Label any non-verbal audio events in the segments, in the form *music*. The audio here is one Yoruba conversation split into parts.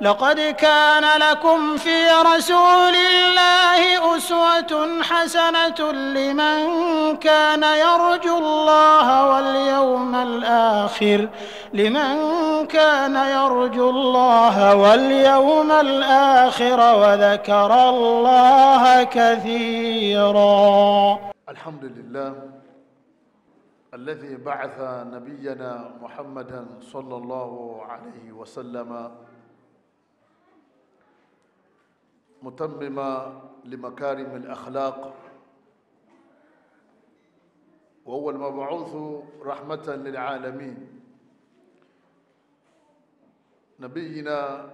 لقد كان لكم في رسول الله أسوة حسنة لمن كان يرجو الله واليوم الآخر لمن كان يرجو الله واليوم الآخر وذكر الله كثيرا الحمد لله الذي بعث نبينا محمدا صلى الله عليه وسلم متممة لمكارم الأخلاق وهو المبعوث رحمة للعالمين نبينا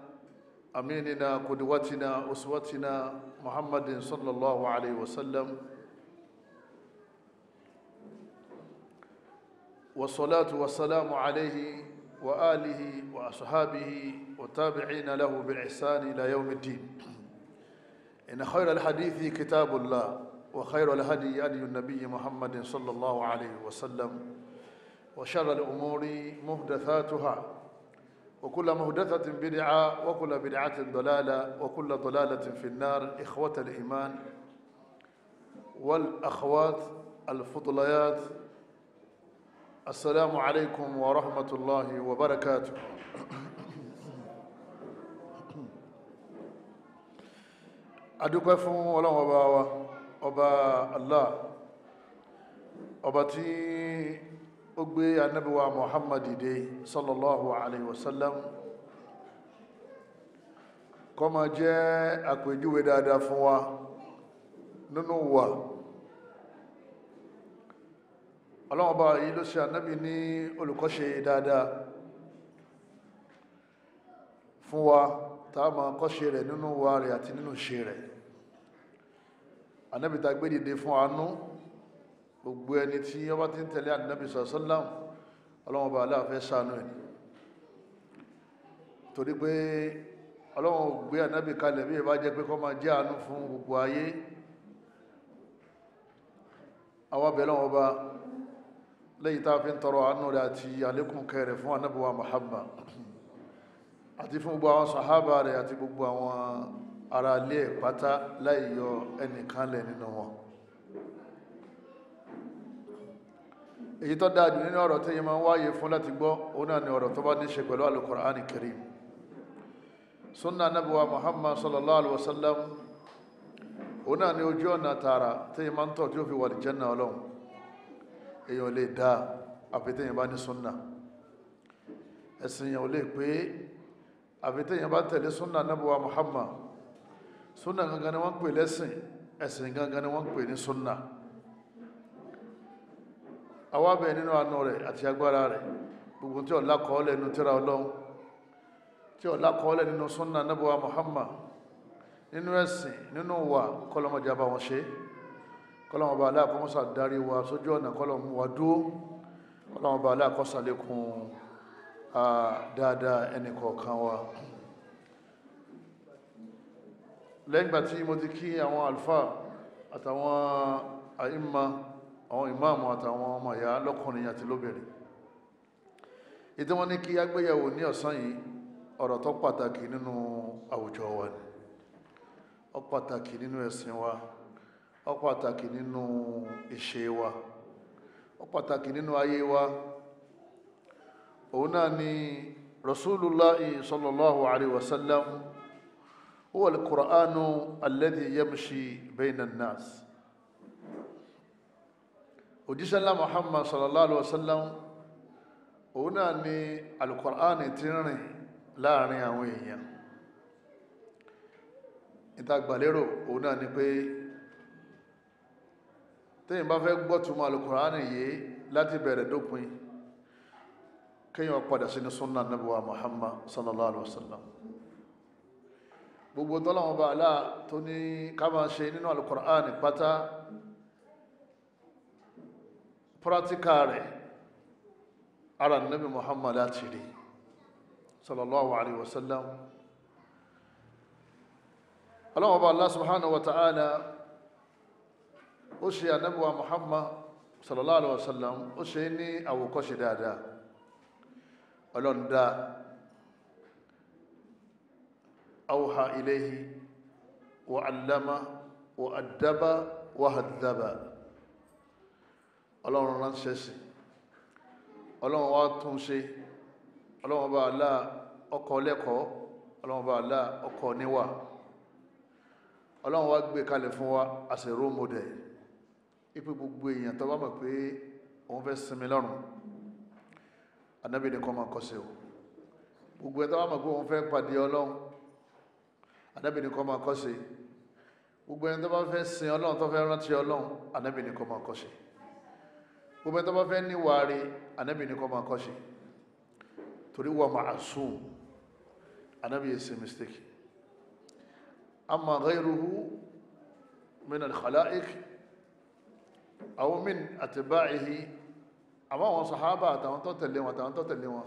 أميننا قدوتنا أسوتنا محمد صلى الله عليه وسلم والصلاة والسلام عليه وآله وأصحابه وتابعين له بالإحسان إلى يوم الدين إن خير الحديث كتاب الله وخير الهدي هدي النبي محمد صلى الله عليه وسلم وشر الأمور مهدثاتها وكل مهدثة بدعة وكل بدعة ضلالة وكل ضلالة في النار إخوة الإيمان والأخوات الفضليات السلام عليكم ورحمة الله وبركاته adúpẹ́ fún ọlọ́run ọba wa ọba allah ọba tí ó gbé anábíwa muhammad dé sallallahu alayhi wasallam kó máa jẹ́ àpèjúwe dáadáa fún wa nínú wa ọlọ́run ọba yìí ló ṣe anábì ní olùkọ́ṣe dáadáa fún wa tá a máa kọ́ṣe rẹ̀ nínú wa rẹ̀ àti nínú ṣe rẹ̀ ànábì tá a gbé dìde fún àánú gbogbo ẹni tí wọ́n bá ti ń tẹ̀lé ànábì sọ̀sọ́láhùn ọlọ́wọ́n bá aláàfẹ́ sànú ẹ̀ torí pé ọlọ́wọ́n gbé ànábì kalẹ̀ bí ìbá jẹ́ pé kó máa jẹ́ àánú fún gbogbo ayé àwọn abẹ́ lọ́wọ́ bá lẹ́yìn tá a fi ń tọrọ àánú rẹ̀ àti àlékún kẹrẹ̀ fún ànábì Muhammad àti fún gbogbo àwọn sàhábà rẹ̀ àti gbogbo àwọn ará ilé ẹ̀ pátá láì yọ ẹnìkan lẹ̀ nínú wọn èyí tó dáa jù nínú ọ̀rọ̀ tí yẹn máa ń wáyé fún láti gbọ́ òun náà ni ọ̀rọ̀ tó bá ní ṣe pẹ̀lú alukur'ani karim sunna nabuwa muhammad sallallahu alaihi wasallam òun náà ojú ọ̀nà tààrà tí yẹn ń tọ̀ tí ó fi wà jẹ́nà ọlọ́run èèyàn lè dáa àfi tí yẹn ní sunna ẹ̀sìn yẹn lè pé àfi téèyàn bá tẹ̀lé súnà nábùwà Muhammad súnà gangan ni wọ́n pè lẹ́sìn ẹ̀sìn gangan ni wọ́n pè ní súnà awábẹ̀ nínú àánú rẹ̀ àti agbára rẹ̀ gbogbo tí ọ̀la kọ́ọ́lẹ̀ nínú tíra ọlọ́run tí ọ̀la kọ́ọ́lẹ̀ nínú súnà nábùwà Muhammad nínú ẹ̀sìn nínú wà kọ́lọ́mọdé bá wọn ṣe kọ́lọ́mọba aláàkọ́mọ́sà darí wa sójú ọ̀nà kọ́lọ́mọ wa dúó kọ́lọ́mọba aláàkọ́sà lékún dáadáa ẹnì kọ̀ọ̀kan wa lẹ́yìngbà tí mo ti kí àwọn alfa àtàwọn àìmà àwọn ìmáàmù àtàwọn ọmọ ìyá lọ́kùnrin àti lóbìnrin ìdí wọn ní kí agbéyẹ̀wò ní ọ̀sán yìí ọ̀rọ̀ tó pàtàkì nínú àwùjọ wa ni ó pàtàkì nínú ẹ̀sìn wa ó pàtàkì nínú ìṣe wa ó pàtàkì nínú ayé wa òun náà ni rasulullahi sallallahu alayhi wa sallam huwa al-qur'anu alladhi yamshi bayna an-nas òjíṣẹ́ ńlá muhammad sallallahu alayhi wa sallam òun náà ni al-qur'an ti rìn láàrin àwọn èèyàn ìtagbàlérò òun náà ni pé tẹ́yìn bá fẹ́ gbọ́tùmọ̀ al yìí láti bẹ̀rẹ̀ dópin kéèyàn padà sí ní súnà nàbíwá Muhammad sallallahu alaihi wasallam gbogbo tọ́lọ́wọ́n bá aláà tó ní ká máa ṣe nínú alukur'an pátá pọ́rátíkà rẹ̀ ara nàbí Muhammad láti rí sallallahu alaihi wasallam ọlọ́wọ́n bá aláà subhanahu wa ta'ala ó ṣe ànábíwá Muhammad sallallahu alaihi wasallam ó ṣe ní àwòkọ́ṣe dáadáa ọlọ́run dá awha ilayhi wa allama wa addaba wa haddaba ọlọ́run ránṣẹ́ sí ọlọ́run wá tún ṣe ọlọ́run bá alá ọkọ̀ lẹ́kọ̀ọ́ ọlọ́run bá alá ọkọ̀ níwà ọlọ́run wá gbé kalẹ̀ fún wa as a role model ipe gbogbo èèyàn tó mọ̀ pé òun fẹ́ sinmi lọ́rùn anabi ni kọ́ máa kọ́ sí o gbogbo ẹ̀ táwọn àmàgbé wọn fẹ́ pàdé ọlọ́run anabi ni kọ́ máa kọ́ sí gbogbo ẹ̀ tó bá fẹ́ sin ọlọ́run tó fẹ́ rántí ọlọ́run anabi ni kọ́ máa gbogbo ẹ̀ tó bá fẹ́ níwàárí anabi ni kọ́ máa kọ́ sí torí wà anabi yẹ ṣe mistake amma ghayruhu min al-khala'iq min atba'ihi àmọ́ àwọn sàhábà àtàwọn tó tẹ̀lé wọn àtàwọn tó tẹ̀lé wọn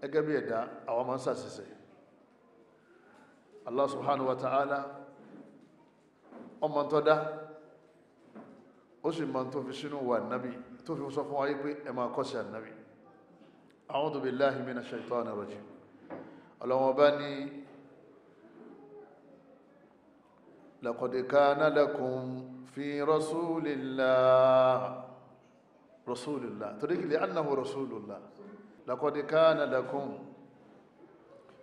gẹ́gẹ́ bí ẹ̀dá àwọn máa ń sàṣìṣe Allah subhanahu wa ta'ala ọmọ tó dá ó sì máa tó fi sínú wa nábì tó fi sọ fún wa yí pé ẹ máa kọ́ sí ànábì a'udhu billahi minash shaitani rajim ọlọ́wọ́n bá ní laqad kana fi rasulillah rasulullah torí kìlẹ̀ annahu rasulullah laqad kana lakum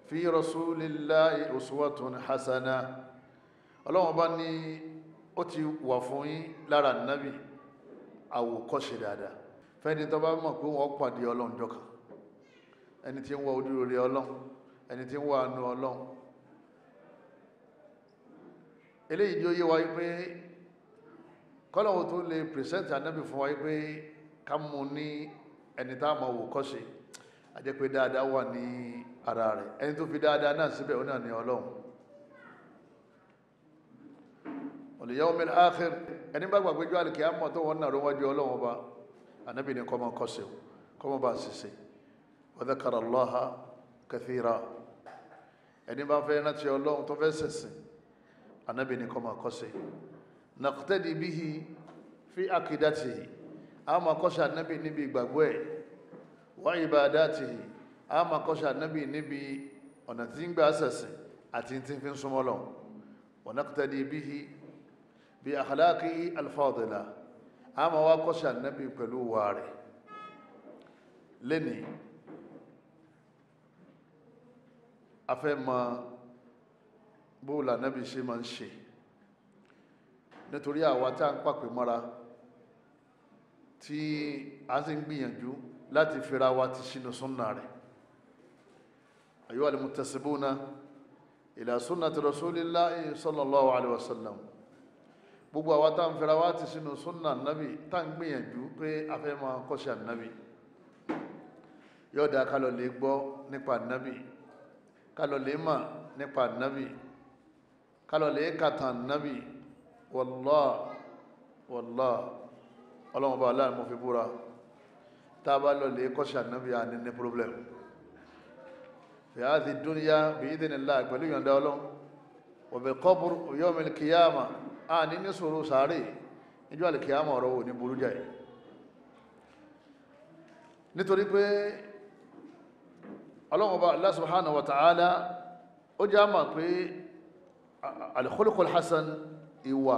fi rasulillahi uswatun hasana ọlọ́wọ́n bá ní ó ti wà fún yín lára nábì àwòkọ́ṣe dáadáa fẹ́ni tó bá mọ̀ pé wọ́n pàdé ọlọ́run jọkàn ẹni tí ń wá ojú rere ọlọ́run ẹni tí ń wá àánú ọlọ́run eléyìí ló yé wa pé kọ́lọ́wọ́ tó lè pèsèntì ànábì fún wa pé ká mú ní ẹni tá a máa wò kọ́ sí a jẹ́ pé dáadáa wà ní ara rẹ̀ ẹni tó fi dáadáa náà síbẹ̀ ó náà ní ọlọ́run olùyàwómìnira áàkìr ẹni bá gbàgbé jọ àlùkí àmọ́ tó wọn náà ló wájú ọlọ́run ọba ànábì ní kọ́mọ kọ́ sí kọ́mọ bá ṣiṣẹ́ wa dhakara Allaha kathira ẹni bá fẹ́ rántí ọlọ́run tó fẹ́ sẹ̀sìn ànábì ní kọ́mọ kọ́ sí naqtadi bihi fi akidatihi a máa kọ́ṣe ànábì níbi ìgbàgbọ́ ẹ̀ wá ibadatihi a máa kọ́ṣe ànábì níbi ọ̀nà tí ń gbà sẹ̀sìn àti tí ń fi ń súnmọ́ lọ wa naqtadi bihi bi akhlaqihi al-fadila a máa wá kọ́ṣe ànábì pẹ̀lú wa rẹ̀ lẹ́nìí a fẹ́ mọ bóòlù ṣe máa ń ṣe nítorí àwa tá à ń pàpè mọ́ra tí a ṣe ń gbìyànjú láti fira wa ti sínú súnà rẹ̀ ayyuha almuntasibuna ila sunnati rasulillahi sallallahu alaihi wasallam gbogbo àwa tá à ń fira wa ti sínú súnà nábì tá à ń gbìyànjú pé a fẹ́ máa kọ́ṣẹ́ nábì yóò dáa ká lè gbọ́ nípa nábì ká lè mà nípa nábì ká lè kàtàn nábì wallah wallah ọlọ́run bá aláàrin mo fi búra tá a bá lọ lè kọ́ṣe ànábì àní ní problem fìyàtì dúnìyà bí ìdíni láà pẹ̀lú ìyọ̀ǹda ọlọ́run òbí kọ́bùr yọmi kìyàmà àní ní sòrò sàárè níjọ́ àlìkìyàmà ọ̀rọ̀ wò ní burú jáì nítorí pé ọlọ́run bá Allah subhanahu wa ta'ala ó já mà pé al hasan ìwà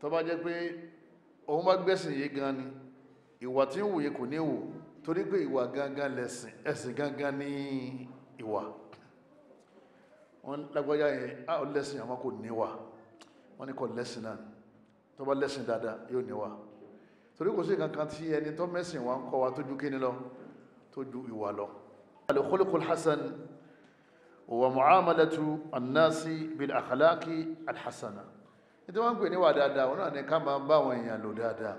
tó bá jẹ́ pé òun bá gbẹ̀sìn yìí gan ni ìwà tí ń wòye kò ní wò torí pé ìwà gangan lẹ̀sìn ẹ̀sìn gangan ní ìwà wọ́n lágbájá yẹn á ò lẹ́sìn àmọ́ kò níwà wọ́n ní kò lẹ́sìn náà tó bá lẹ́sìn dáadáa yóò níwà torí kò sí kankan tí ẹni tó mẹ́sìn wa ń wa tó kíni lọ tó ìwà lọ. al hasan wa mu'amalatu an bil akhlaqi al nítorí wọ́n ń pè níwà dáadáa wọn náà ní ká máa bá àwọn èèyàn lò dáadáa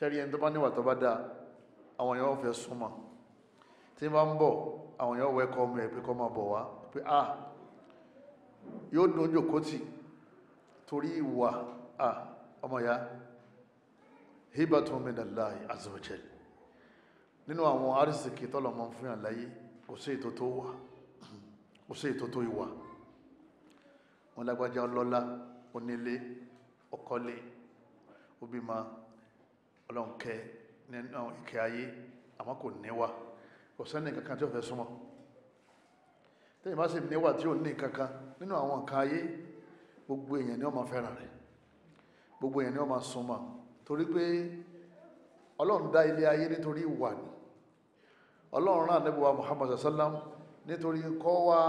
ṣẹ́rí ẹni tó bá níwà tó bá dáa àwọn èèyàn fẹ́ súnmọ́ tí wọ́n ń bọ̀ àwọn èèyàn wẹ́kọ̀ ọmọ ẹ̀ pé kọ́ máa bọ̀ wá pé a yóò dún jòkótì torí ìwà a ọmọ ya hibatun min Allah azza wa jal nínú àwọn arísìkì tọ́lọ̀ mọ́ fún yàn láyé kò sí ètò tó wà kò sí ètò tó ìwà wọn lágbájá ọlọ́lá onílé ọkọ́lé obìmọ ọlọ́nkẹ nínú ìkẹ́ ayé àmọ́ kò níwà kò sẹ́ni kankan tí ó fẹ́ súnmọ́ tẹ́yìn bá sì níwà tí ó ní kankan nínú àwọn nǹkan ayé gbogbo èèyàn ni ó máa fẹ́ràn rẹ̀ gbogbo èèyàn ni ó máa súnmọ́ torí pé ọlọ́run dá ilé ayé nítorí ìwà ni ọlọ́run rán ànábì wa Muhammad sallam nítorí kọ́ wa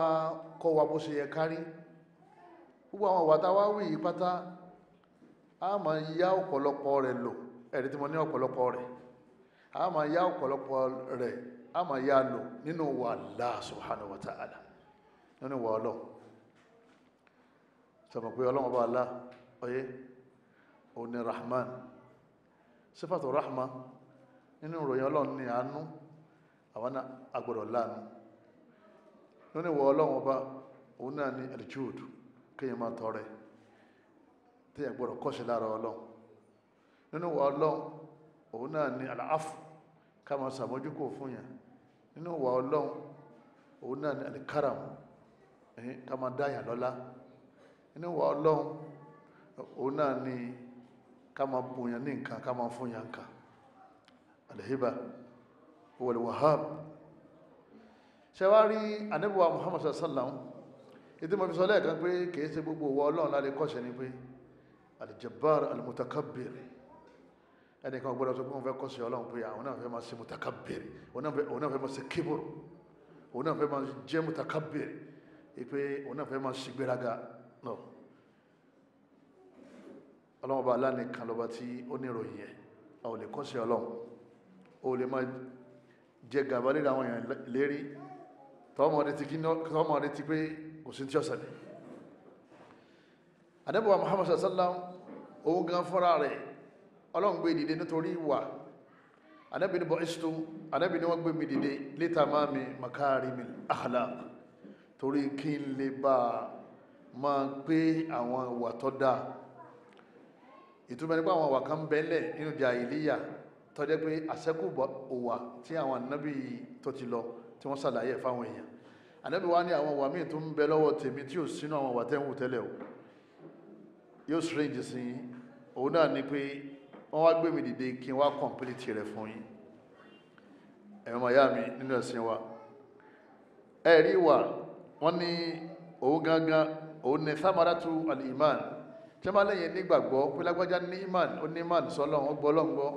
kọ́ wa bó ṣe yẹ kárí gbogbo àwọn wàtá wá wí pátá a máa yá ọ̀pọ̀lọpọ̀ rẹ̀ lò ẹ̀rí tí mo ní ọ̀pọ̀lọpọ̀ rẹ̀ a máa yá ọ̀pọ̀lọpọ̀ rẹ̀ a máa yá lò nínú wà Allah subhanahu wa ta'ala nínú wà ọlọ́ sọ̀rọ̀ pé ọlọ́run bá lá ọyẹ́ òní rahman sífàtò rahma nínú ìròyìn ọlọ́run ní àánú àwọn agbọ̀dọ̀ láàánú nínú ìwọ̀ ọlọ́run ọba òun náà ní aljudu kéèyàn máa tọrẹ téèyàn gbọ́dọ̀ kọ́ṣe lára ọlọ́run nínú wa ọlọ́run òun náà ni àlàáfù ká máa ṣàmójúkò fún yàn nínú wa ọlọ́run òun náà ni àlìkáràmù ká máa dá yàn lọ́lá nínú wa ọlọ́run òun náà ni ká máa bùyàn ní nǹkan ká máa fún yàn nǹkan alhiba wal wahab ṣe wá rí anábíwá muhammadu sallallahu alaihi wa sallam ìdí mo fi sọ lẹ́ẹ̀kan pé kìí ṣe gbogbo ọwọ́ ọlọ́run láti kọ́ṣẹ́ ni pé alìjẹ̀bára alìmọ̀tàkàbìrì ẹnìkan gbọ́dọ̀ tó gbọ́n fẹ́ kọ́ṣẹ́ ọlọ́run pé àwọn náà fẹ́ máa ṣe mọ̀tàkàbìrì òun náà fẹ́ máa ṣe kíbùrù òun náà fẹ́ máa jẹ́ mọ̀tàkàbìrì pé òun náà fẹ́ máa ṣe gbéraga náà ọlọ́run ọba alánìkan lọ́ba tí ó níròyìn yẹn a ò lè kọ́ṣẹ́ ọlọ́run o kò sí tí ó ṣẹlẹ̀ àdẹ́bọ̀wà Muhammad sallam òun gan fúnra rẹ̀ ọlọ́run gbé dìde nítorí ìwà ànábì ní bu'istu ànábì ní wọ́n gbé mi dìde litamami makarimil akhlaq torí kí n lè bá máa gbé àwọn ìwà tó dáa ìtumọ̀ nípa àwọn ìwà kan bẹ́lẹ̀ nínú jàhílíyà tó jẹ́ pé àṣẹ́kù ìwà tí àwọn ànábì tó ti lọ tí wọ́n ṣàlàyé fáwọn èèyàn ànábì wa ní àwọn wàmí tó ń bẹ lọ́wọ́ tèmi tí ò sínú àwọn wàtẹ́ ń wù tẹ́lẹ̀ o yóò strange sí yín òun náà ni pé wọ́n wá gbé mi dìde kí n wá complete rẹ̀ fún yín ẹ̀rọ màyá mi nínú ẹ̀sìn wa ẹ̀rí wà wọ́n ní òun gangan òun ní samaratu al-iman tí lẹ́yìn nígbàgbọ́ pé lágbájá ní iman ó ní iman sọ́lọ́ wọn gbọ́ lọ́ngbọ́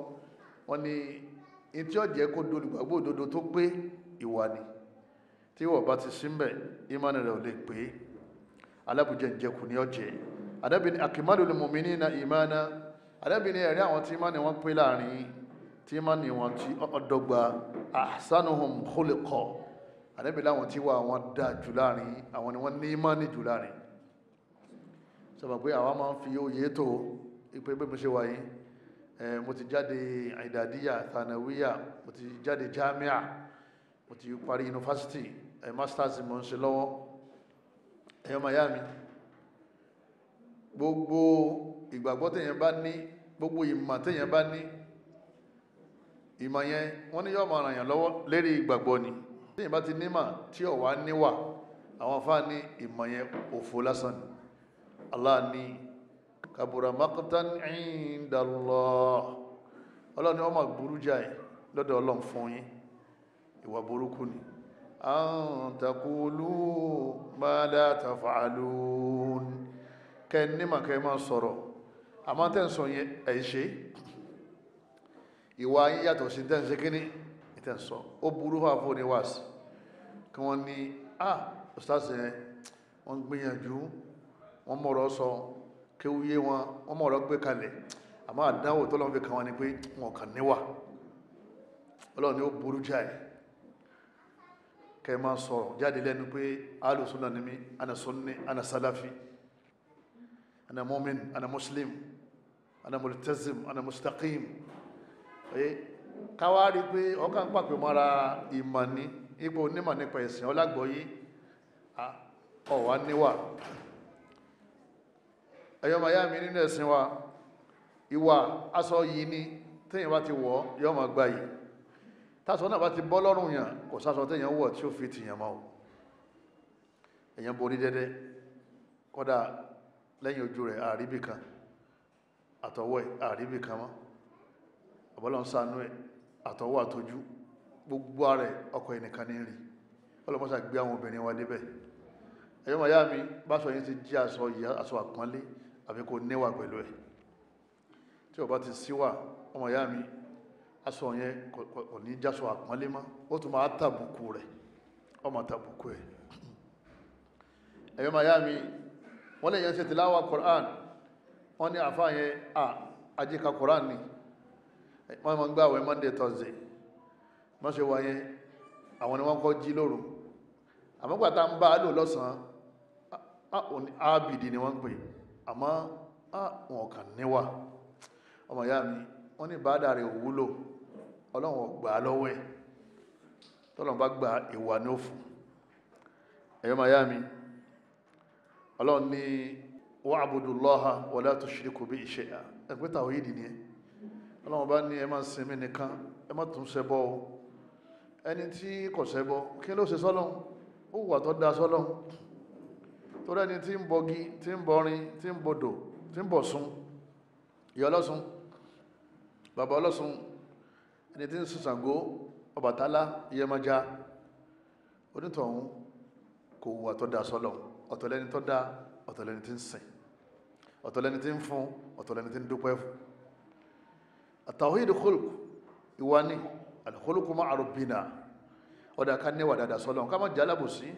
wọ́n ní ní tí kó dolùgbàgbọ́ òdodo tó pé ìwà ni tí wọ́n bá ti símbẹ̀ ìmánì rẹ̀ ò lè pé alábùjẹ́ ìjẹkù ní ọjẹ́ adábìnrin akimalul mu'minina ìmánà adábìnrin ẹ̀rí àwọn tí ìmánì wọn pé láàrin tí ìmánì wọn ti ọ̀dọ́gba ahsanuhum khuliqa adábìnrin àwọn tí wà wọn dá jù láàrin àwọn ni wọ́n ní ìmánì jù láàrin sọ̀rọ̀ pé àwa máa ń fi oyè tó ìpè pé mo ṣe wáyé mo ti jáde àìdàdíyà tànàwíyà mo ti jáde jámíà mo ti parí yunifásitì ẹ̀ masters mọ̀ ń ṣe lọ́wọ́ ẹ̀yọ́ miami gbogbo ìgbàgbọ́ tẹ̀yẹn bá ní gbogbo ìmọ̀ tẹ̀yẹn bá ní ìmọ̀ yẹn wọ́n ní yọ́ máa ràn yàn lọ́wọ́ lérí ìgbàgbọ́ ni tẹ̀yìn bá ti nímà tí ọ̀wá níwà àwọn afá ní ìmọ̀ yẹn òfo lásán ni Allah ní kabura maqtan inda Allah ọlọ́ni wọ́n máa burú jáì lọ́dọ̀ ọlọ́run fún yín ìwà burúkú ni an takulu ma la taf'alun kẹ ní ma kẹ ma sọ̀rọ̀ àmọ́ tẹ́ ń sọ yẹn ẹ̀ ṣe ìwà yín yàtọ̀ sí tẹ́ ń ṣe kíní tẹ́ ń sọ ó burú fà fún ní wáàsí kí wọ́n ní à ustaz yẹn wọ́n gbìyànjú wọ́n mọ̀rọ̀ sọ kéwúyé wọn wọ́n mọ̀rọ̀ gbé fi kàn wọ́n ni pé wọn kàn níwà ọlọ́run ni ó burú jáì kẹ́ máa sọ̀rọ̀ jáde lẹ́nu pé alùsùnà ni mí ana sunni ana salafi ana mu'min ana muslim ana multazim ana mustaqim káwárí pé ọkàn pàpẹ mọ́ra ìmọ̀ ní ipò onímọ̀ nípa ẹ̀sìn ọlágbọ̀yí ọ̀wá níwà ẹ̀yọ́ ma yá mi nínú ẹ̀sìn wa ìwà aṣọ yìí ni tẹ́yìn ti wọ̀ yọ́ ma tásọ náà bá ti bọ́ lọ́rùn yàn kò sásọ téèyàn wọ̀ tí ó fi tìyàn mọ́ o èèyàn borí dẹ́dẹ́ kọ́dà lẹ́yìn ojú rẹ̀ àríbì kan àtọwọ́ ẹ̀ àríbì kan mọ́ ọ̀bọ́lọ́n sánú ẹ̀ àtọwọ́ àtọjú gbogbo ààrẹ ọkọ̀ ẹnìkan ní rí ọlọ́mọ́sà gbé àwọn obìnrin wa débẹ̀ ẹ̀yọ́ màá yá mi bá sọ yín ti jí aṣọ ìyá aṣọ àpọ́nlé àbí kò níwà pẹ̀lú ẹ̀ tí ọba ti síwà ọmọ ìyá mi aṣọ yẹn kò ní jásọ àpọ́nlé mọ́ ó tún máa tàbùkù rẹ̀ ọmọ tàbùkù ẹ̀ ẹ̀yọ́ miami wọ́n lè yẹn ṣe tìláwà Qur'an wọ́n àfá yẹn Qur'an ni wọ́n mọ́ ń gbà Monday Thursday ṣe wà yẹn àwọn ni wọ́n kọ́ jí lóru ń bá a lò lọ́sàn ábìdì ni wọ́n pè àmọ́ wọn kàn níwà ọmọ mi wọ́n ọlọ́run gbà á lọ́wọ́ ẹ̀ tọ́lọ́run bá gba ìwà ní òfò ẹ̀yọ́ máa yá mi ọlọ́run ní wa'budu Allaha wa la tushriku bihi shay'an ẹgbẹ́ tawhid ni ẹ ọlọ́run bá ní ẹ máa sin mí nìkan ẹ má tún ṣẹbọ o ẹni tí kò ṣẹbọ kí ló ṣe sọ́lọ́run ó wà tó da sọ́lọ́run torí ẹni tí ń bọgi tí ń bọrin tí ń bodò tí ń bọ̀ sun ìyá bàbá ọlọ́sun ẹni tí ń sùn Ṣàngó Ọbàtálá Yemọja onítọ̀hún kò wù àtọ́dá sọ́lọ̀ ọ̀tọ̀lẹ́ni tó dá ọ̀tọ̀lẹ́ni tí ń sìn ọ̀tọ̀lẹ́ni tí ń fún ọ̀tọ̀lẹ́ni tí ń dúpẹ́ fún at-tawhid khulq ìwà ni al-khulq ọ̀dà ká níwà dáadáa sọ́lọ̀ ká má jẹ́ alábòsí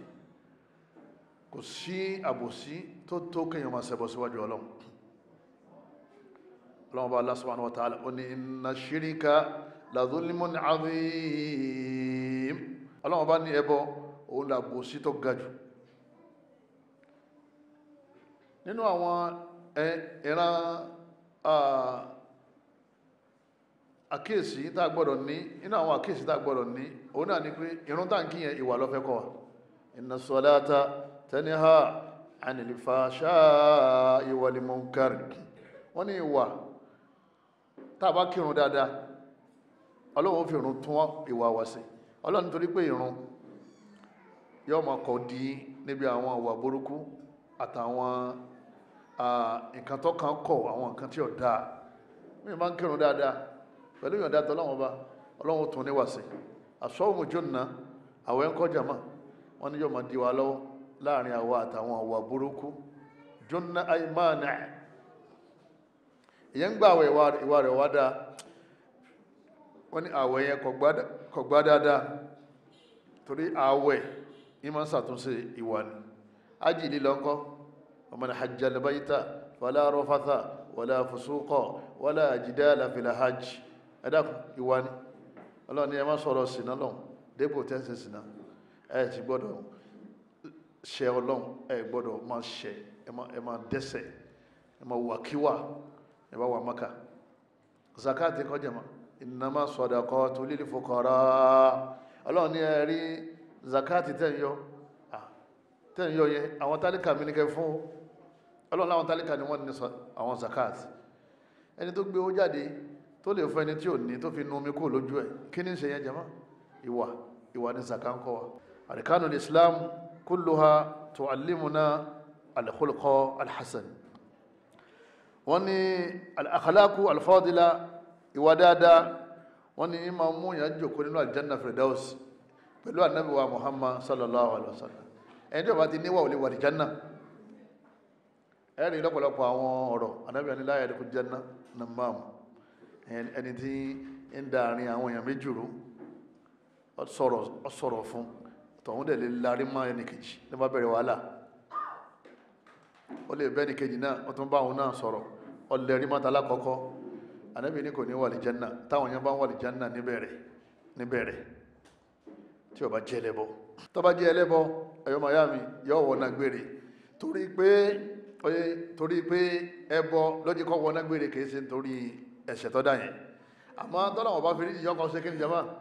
kò sí àbòsí tó tó kéèyàn máa ṣẹbọ síwájú ọlọ́run ọlọ́run bá Allah subhanahu wa ta'ala ní inna shirika lazolimun azim ọlọ́run bá ní ẹbọ òun làbòsí tó ga nínú àwọn ẹran àkíyèsí tá gbọ́dọ̀ ní nínú àwọn àkíyèsí tá gbọ́dọ̀ ní òun náà ni pé irun tá n kí ìwà inna salata tanha anil fahsha'i wọ́n ní ìwà tá kírun dáadáa ọlọ́run fi ìrun tún ìwà wa sí ọlọ́run torí pé ìrun yóò máa kọ́ di níbi àwọn ìwà burúkú àtàwọn nǹkan tó kàn kọ̀ àwọn nǹkan tí ò dáa mi máa ń kírun dáadáa pẹ̀lú ìyọ̀ǹda tó ọlọ́run bá ọlọ́run tún níwà sí àsọ́wọ́mù jóná àwẹ̀ ń kọjá wọ́n ní yóò máa di wa lọ́wọ́ láàrin àwa àtàwọn ìwà burúkú jóná àìmáàna ìyẹn ń gbà àwẹ̀ ìwà rẹ̀ wá dáa wọ́n ní àwẹ̀ yẹn kò gbá dáadáa torí àwẹ̀ ní máa ń ṣàtúnṣe ìwà ni ájì lílọ ńkọ́ ọmọ ní hajj alibayita wàlá rọfàtà wàlá fùsùkọ wàlá jidala fil hajj ẹ̀dàkùn ìwà ni ọlọ́run ni ẹ má sọ̀rọ̀ sínà lọ́hùn dépò tẹ́sí sínà ẹ ti gbọ́dọ̀ ṣe ọlọ́run ẹ gbọ́dọ̀ máa ṣe ẹ máa dẹ́sẹ̀ ẹ máa wàkíwà ẹ bá wà maka zakati kọjá máa ìnáma sọ̀dàkọ́ tó lílì fòkọ̀rọ̀ ọlọ́run ní ẹ̀rí zakati tẹ̀yọ tẹ̀yọ yẹn àwọn tálíkà mi ní kẹ fún ọlọ́run láwọn tálíkà ni wọ́n ní àwọn zakati ẹni tó gbé owó jáde tó lè fún ẹni tí ò ní tó fi nu omi kúrò lójú ẹ̀ kí ni ń ṣe yẹn jama ìwà ìwà ní zaka wa àríkánu islam kulluha tu'allimuna al-khulqa al wọ́n ní al-akhlaqu ìwà dáadáa wọ́n ní máa mú yàn jòkó nínú aljanna firdaus pẹ̀lú anabi wa muhammad sallallahu alayhi wa sallam ẹni tí ó bá ti níwà ò lè wà aljanna ẹ̀rìn lọ́pọ̀lọpọ̀ àwọn ọ̀rọ̀ anabi wa ni la yadkhul janna namam ẹni tí ń da àárín àwọn èèyàn méjì rú sọ̀rọ̀ fún tọ̀hún dẹ̀ lè larí mọ́ ẹnìkejì ní bá bẹ̀rẹ̀ wàhálà ó lè bẹ́ẹ̀ ẹnìkejì náà ó tún bá òun náà sọ̀rọ̀ ọ̀lẹ́rìí mọ́ta lákọ̀ọ́kọ́ anabi ni ko ni wali janna tawon yan ban wali janna ni bere ni bere ti o ba jele bo to ba jele bo ayo ma yami gbere tori pe oye tori pe ebo lo ji ko gbere ke se tori ese to da ama to lawon ba firi yo ko se kin jama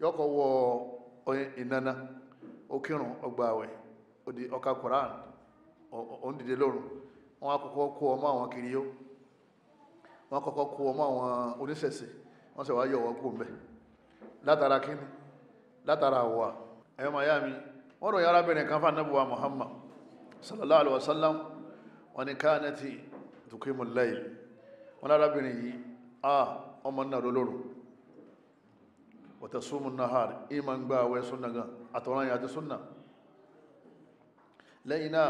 yo ko wo oye inana o kirun ogba awe o di oka quran o ndide lorun won akoko ko o ma won kiri yo wọ́n kọ́kọ́ kó ọmọ àwọn oníṣẹ̀ṣe wọ́n sì wá yọ ọwọ́ kó mbẹ́ látara kínní látara àwọ̀ ẹ̀yọ́ màá yá mi wọ́n ròyìn arábìnrin kan fún anábùwà Muhammad sallallahu alaihi wọn ni káànẹ́tì tukimu layl wọn arábìnrin yìí a ọmọ náà lólóró wọ́tẹ̀ súnmù nahar ìmọ̀ ń gbà àwẹ̀ súnà gan àtọ̀rọ̀ yìí àti súnà lẹ́yìn náà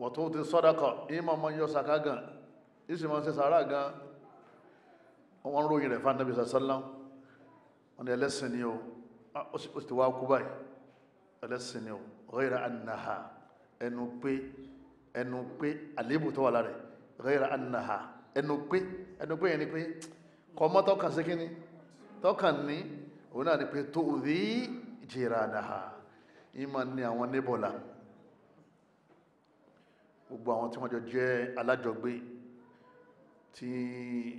wọ́tọ̀ ti sàdákà ìmọ̀ mọ́ yọ sàká gan ìsìn máa ń ṣe sàárà gan wọn ròyìn rẹ̀ fún anábìsà sálám wọn ni ẹlẹ́sìn ni o ah, ó sì ti wá kú báyìí ẹlẹ́sìn ni o ghayra annaha ẹnu pé ẹnu pé àléébù tó wà lára rẹ̀ ghayra ẹnu pé ẹnu pé yẹn ni pé kọ́mọ́ tọ́ka sí kínní tọ́ka ní òun náà ni pé tó rí jiranaha ìmọ̀ ni àwọn níbọ̀là gbogbo àwọn tí wọ́n jọ jẹ́ alájọgbé tí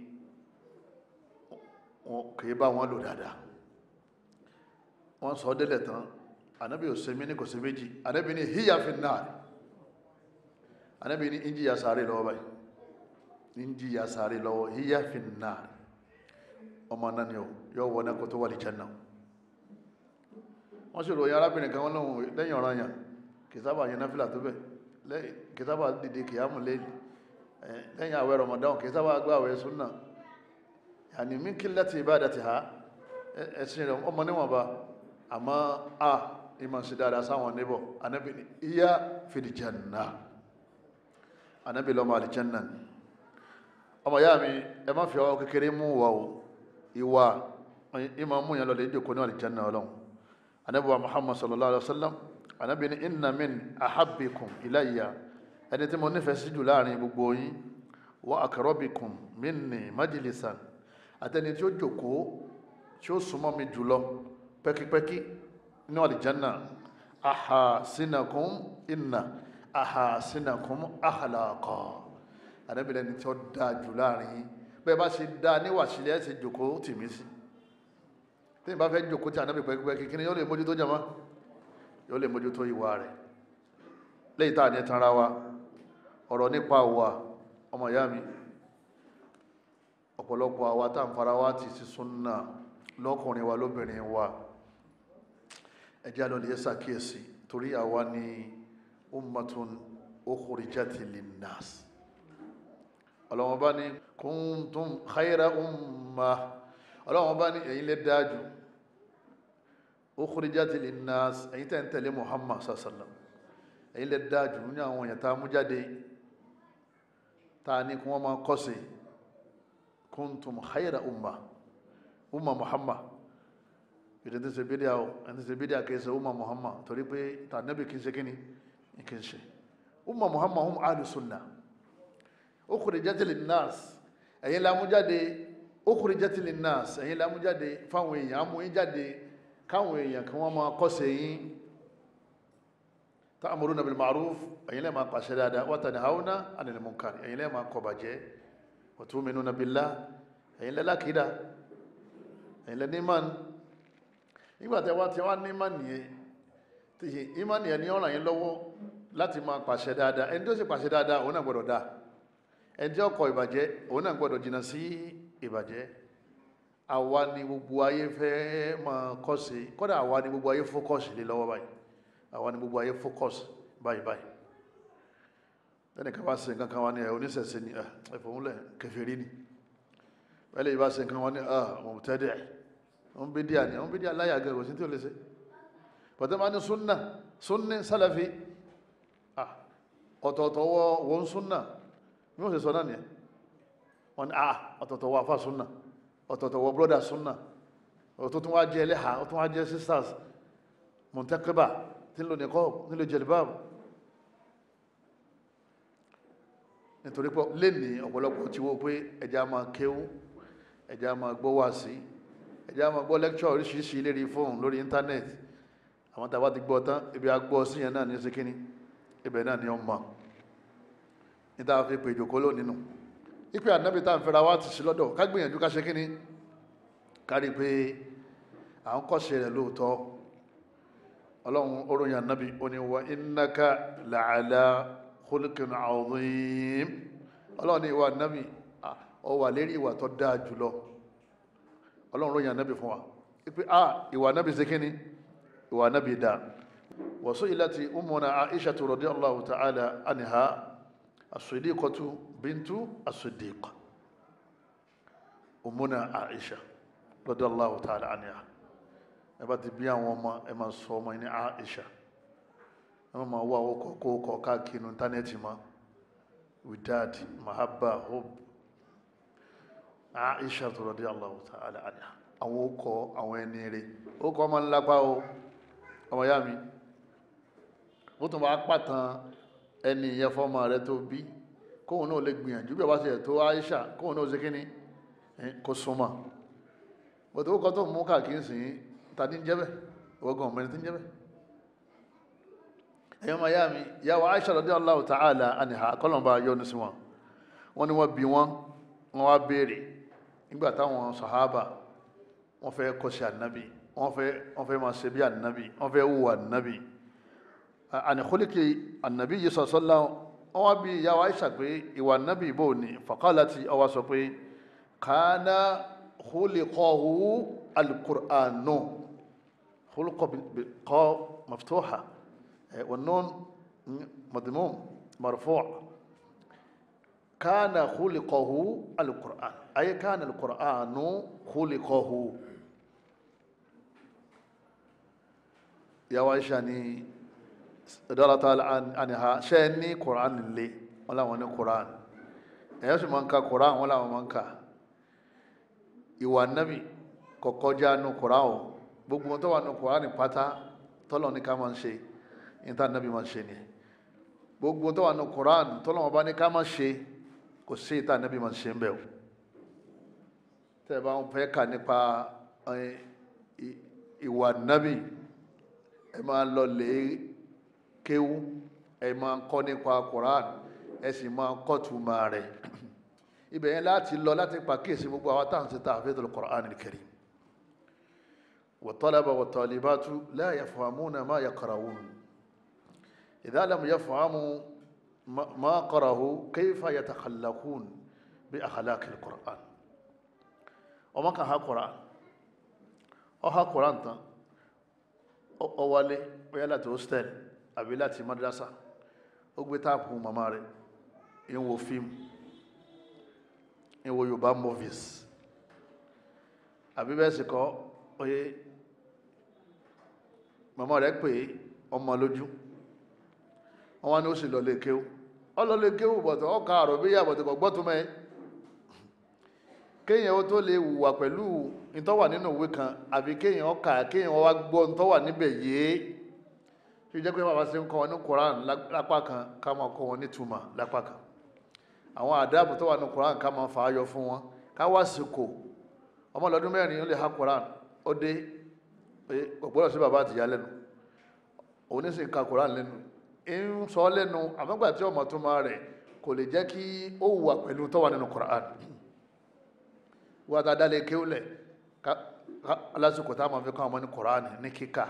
kìí bá wọn lò dáadáa wọ́n sọ délẹ̀ tán anábì òsèmí ní kò sí méjì anábì ní híyà fi náà anábì ní ìjìyà sáré lọ́wọ́ báyìí ìjìyà sáré lọ́wọ́ híyà fi náà ọmọ náà ni ó yọ wọ náà kó tó wà lè jẹ́ náà wọ́n sì ròyìn arábìnrin kan lọ́wọ́ lẹ́yìn ọ̀ranyàn kìsábà yẹn náfìlà tó bẹ̀ kìsábà dìde kìyàmù lẹ́yìn lẹ́yìn àwẹ̀ Ramadan kì í sábà gbà àwẹ̀ súnà yàní mí kí lẹ́tì ibadatiha ẹ̀sìn rẹ̀ ọmọ níwọ̀nba àmọ́ a ìmọ̀ sí dáadáa sáwọn níbọ̀ anábì ní iya fil janna anábì lọ́mọ àlìjẹ́nà ọmọ yá mi ẹ má fi ọwọ́ kékeré mú wa o ìwà ìmọ̀ mú yẹn lọ lè dìkò ní àlìjẹ́nà ọlọ́run anábì wa Muhammad sallallahu alaihi wa sallam anábì ní inna min ahabbikum ilayya ẹni tí mo nífẹ̀ẹ́ sí jù láàrin gbogbo yín wa akrabikum minni majlisan àtẹni tí ó jókòó tí ó súnmọ́ mi jùlọ pẹ́kípẹ́kí ní àlìjánà ahasinakum inna ahasinakum akhlaqa àdẹ́bìnrin ẹni tí ó dáa jù láàrin yín bẹ́ẹ̀ bá ṣe dáa níwà sílẹ̀ ẹ̀ ṣe jókòó tì mí sí tí ìbá fẹ́ jókòó tí ànábì pẹ́kípẹ́kí kí ni yóò lè mójútó jàmá yóò lè mójútó ìwà rẹ̀ léyìí tá à ní tanra wa ọ̀rọ̀ nípa wa ọmọ ìyá mi ọ̀pọ̀lọpọ̀ àwa tá ń fara wa ti sí súnà lọ́kùnrin wa lóbìnrin wa ẹjẹ́ àlọ́ lè ṣàkíyèsí torí àwa ni ummatun ukhrijat linnas ọlọ́wọ́n bá ní kuntum khayra ummah ọlọ́wọ́n bá ní èyí lè dájú ukhrijat linnas èyí tẹ̀ ń tẹ̀lé Muhammad sallallahu èyí lè dájú ní àwọn èèyàn tá a mú jáde taani kuma ma kí wọ́n máa kọ́ sí kuntum khayra umma umma muhammad ìdí tí ń ṣe bídíà o ẹni ṣe bídíà kì umma muhammad torí pé tànẹ́bì kì í ṣe kíni kì í ṣe umma muhammad hum ahlu sunna ukhrijat ukhrijat ta'muruna bil ma'ruf ẹ̀yin lẹ́ẹ̀ máa pàṣẹ dáadáa wa tanhauna 'anil munkar ẹ̀yin lẹ́ẹ̀ máa kọ̀ bàjẹ́ wa tu'minuna billah ẹ̀yin lẹ́ẹ̀ lákìdá ẹ̀yin lẹ́ẹ̀ níman nígbà tí wọ́n ti wá níman yẹn tí ìman yẹn ní ọ̀ràn yẹn lọ́wọ́ láti máa pàṣẹ dáadáa ẹni tó sì pàṣẹ dáadáa òun náà gbọ́dọ̀ dáa ẹni tí ó kọ̀ ìbàjẹ́ òun náà gbọ́dọ̀ jìnnà sí ni gbogbo ayé fẹ́ máa kọ́ sí kódà àwa ni gbogbo ayé fókọ̀sì lé lọ́wọ́ báyìí àwọn ni gbogbo ayé focus báyìí báyìí lẹ́nu kan bá ṣe nǹkan kan wá ní ẹ̀ oníṣẹ̀ṣe ni ah, ẹ̀fọ̀múlẹ̀ kẹfẹ́rí ni pẹ̀lú ìbá ṣe nǹkan wá ní ah, mọ̀mùtẹ́dẹ̀ ń bí díà ni ń bí díà láyà gẹ̀rọ sí tí ó lè ṣe pọ̀tẹ́ máa ní súnà súnni sálàfí ah, ọ̀tọ̀ọ̀tọ̀ wọ wọn súnà bí wọ́n ṣe sọ náà nìyẹn wọ́n ní ọ̀tọ̀ọ̀tọ̀ wọ afá súnà ọ̀tọ̀ọ̀tọ̀ wọ brọ́dà súnà ọ̀tọ̀ tún wá jẹ́ ẹlẹ́hà ó tún wá jẹ́ sisters mọ̀tẹ́kẹ́bà tí ń lo nìkọ́ọ̀b tí ń lo jẹ̀lìbáàbù nítorí pé lè ní ọ̀pọ̀lọpọ̀ tí wọ́n pé ẹja máa kéwú ẹja máa gbọ́ wáàsí ẹja máa gbọ́ lẹ́kṣọ̀ oríṣiríṣi lérí fóònù lórí íńtánẹ́ẹ̀tì àwọn tàbá ti gbọ́ tán ibi agbọ́ sí yẹn náà ní ṣe kíní ibẹ̀ náà ni ó mọ̀ níta fi pè jòkó ló nínú ipe ànábì tá à ń fẹ́ra wá ti sí lọ́dọ̀ ká gbìyànjú ká ṣe kíní kárí pé à ń kọ́ṣe rẹ̀ lóòótọ́ ọlọ́run oróyìn ànábì oníwà innaka la'ala khulqin azim ọlọ́run ní ìwà ànábì ó wà lérí ìwà tó dáa jùlọ ọlọ́run oróyìn ànábì fún wa ipe a ìwà ànábì ṣe kíni ìwà ànábì dá wasu'ilati ummuna Aisha radiyallahu ta'ala anha as-siddiqatu bintu as-siddiq ummuna Aisha radiyallahu ta'ala anha ẹ bá ti bí àwọn ọmọ ẹ máa sọ ọmọ yìí ní Aisha ẹ máa máa wá àwọn kọ̀ọ̀kọ̀ kọ̀ káàkiri ní íńtánẹ́ẹ̀tì mọ́ widad mahabba hob Aisha radiyallahu ta'ala anha àwọn okọ̀ àwọn ẹni rẹ̀ okọ̀ ọmọ ńlápá o ọmọ yá mi ó tún bá pàtàn ẹni ìyẹn fọmọ rẹ tó bí kóun náà lè gbìyànjú bí ọba ti ẹ̀ tó Aisha kóun náà ó ṣe kíni kó súnmọ́ bọ̀dọ̀ ó kọ́ tó mú káàkiri sìn ta ní jẹ́bẹ̀ ìwọ́gàn ọmọ ẹni tí ń jẹ́bẹ̀ ẹ̀yọ́ máa yá mi yá wa Aisha radiyallahu ta'ala anha kọ́lọ̀mbà yọ́nu sí wọn wọ́n ní wọ́n bí wọ́n wọ́n wá béèrè nígbà táwọn sàhábà wọ́n fẹ́ kọ́sí ànábì wọ́n fẹ́ wọ́n fẹ́ máa ṣe bí ànábì wọ́n fẹ́ wù ànábì àní kólíkì ànábì yìí sọ̀sọ́lá wọ́n wá bí wa Aisha pé ìwà ànábì bò ní faqalati ọwá sọ pé kana khuliqahu al-Qur'anu خلق بقاف مفتوحة آه، والنون مضموم مرفوع كان خلقه القرآن أي كان القرآن خلقه يا وعشاني دارة عن شاني قرآن لي ولا وانا قرآن يا مانكا قرآن ولا مانكا يوان نبي كوكوجا نو قرآن gbogbo wọn tó wà ní Kùránì pátá tọ́lọ̀ ní ká máa ń ṣe níta nàbí máa ń ṣe nìyẹn gbogbo tó wà ní Kùránì tọ́lọ̀ wọn bá ní ká máa ṣe kò sí ìta nàbí máa ń ṣe ń bẹ̀ o tẹ́ ẹ bá ń fẹ́ kà nípa ìwà nàbí ẹ máa lọ lè kéwú ẹ máa kọ́ nípa Kùránì ẹ sì máa kọ́ tuma rẹ̀ *clears throat* ibẹ̀ yẹn láti lọ láti pàkíyèsí gbogbo àwọn táwọn ti ta àfẹ́tò Kùránì Kárím والطلبة والطالبات لا يفهمون ما يقرؤون إذا لم يفهموا ما قرأوا كيف يتخلقون بأخلاق القرآن ọmọ kan ha Qur'an ọ ha Qur'an tán ọ wálé bóyá láti hostel àbí láti madrasa ó gbé táàpù màmá rẹ̀ ń wo fíìmù ń wo Yorùbá movies àbí bẹ́ẹ̀ sì kọ́ oye màmá rẹ̀ pé ọmọ lójú wọ́n wá ó sì lọ lè e kéwú ọ lọ lè e kéwú bọ̀tọ̀ ọkà àrọ̀ bí yà bọ̀tọ̀ gbọ́ tó mẹ́ kéèyàn ó tó lè wùwà pẹ̀lú ìtọ́wà nínú ìwé kan àbí kéèyàn ọkà kéèyàn wá gbọ́ ìtọ́wà níbẹ̀ yìí tí jẹ́ pé bàbá ṣe ń kọ́ wọn ní koran lápá kan ká máa kọ́ wọn ní tuma lápá kan àwọn àdáàbò tó wà ní koran ká máa fà á yọ fún wọn ká wá sìkò ọmọ ọlọ́dún mẹ́rin ó lè ha koran ó dé ọ̀pọ̀lọpọ̀ sí bàbá àtìyá lẹ́nu òun ní sì ka koran lẹ́nu ń sọ lẹ́nu àmọ́gbà tí ọmọ tó máa rẹ̀ kò lè jẹ́ kí ó wà pẹ̀lú tó wà nínú koran wọ́n ta dálé kéwúlẹ̀ alásìkò tá a máa fi kọ́ ọmọ ní koran ní kíkà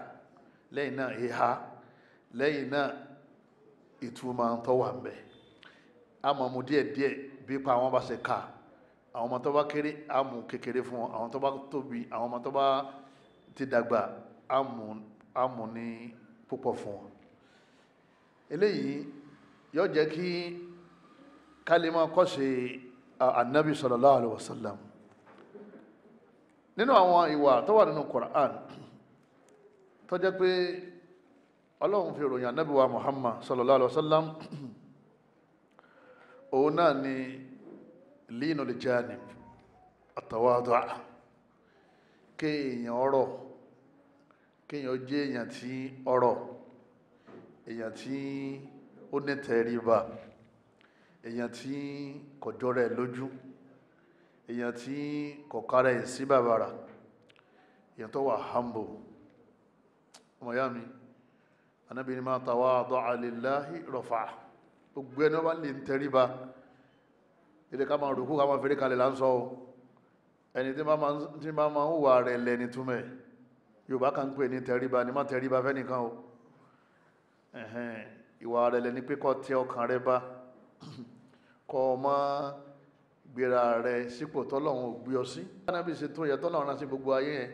lẹ́yìn náà ìhà lẹ́yìn náà ìtumọ̀ tó wà ń bẹ̀ a máa mú díẹ̀ díẹ̀ bí pa àwọn bá ṣe ka àwọn ọmọ tó bá kéré a kékeré fún àwọn tó bá tóbi àwọn ọmọ tó bá ti dàgbà àmù ní púpọ̀ fún wọn eléyìí yóò jẹ́ kí kálímà kọ́sì anabi sallallahu alayhi wa sallam nínú àwọn ìwà tó wà nínú Qur'an tó jẹ́ pé ọlọ́run fi ròyìn anabi wa Muhammad sallallahu alayhi wa sallam òun náà ni lino lè janib àtàwádọ́à kéèyàn ọ̀rọ̀ kéèyàn jẹ́ èèyàn tí ọ̀rọ̀ èèyàn tí ó ní tẹríba èèyàn tí kò jọra ẹ̀ lójú èèyàn tí kò kára ẹ̀ sí bàbàrà èèyàn tó wà humble ọmọ ìyá mi Ànábì ní máa tawada'a lillahi rafa'a gbogbo ẹni wọ́n bá lè ń tẹríba ilé ká máa rùkú ká máa fèrè kalẹ̀ là ń sọ ẹni tí máa ń hùwà rẹ̀ lẹ́ni túmẹ̀ yorùbá kan ń pè ní tẹríba ni má tẹríba fẹ́nìkan o ìwà rẹ̀ lẹ́ni pé kó tẹ ọkàn rẹ̀ bá *clears throat* kó má gbéra rẹ̀ sípò tọ́lọ́run ò gbé ọ sí. anábì ṣe tó yẹ tọ́lọ́run rán sí gbogbo ayé yẹn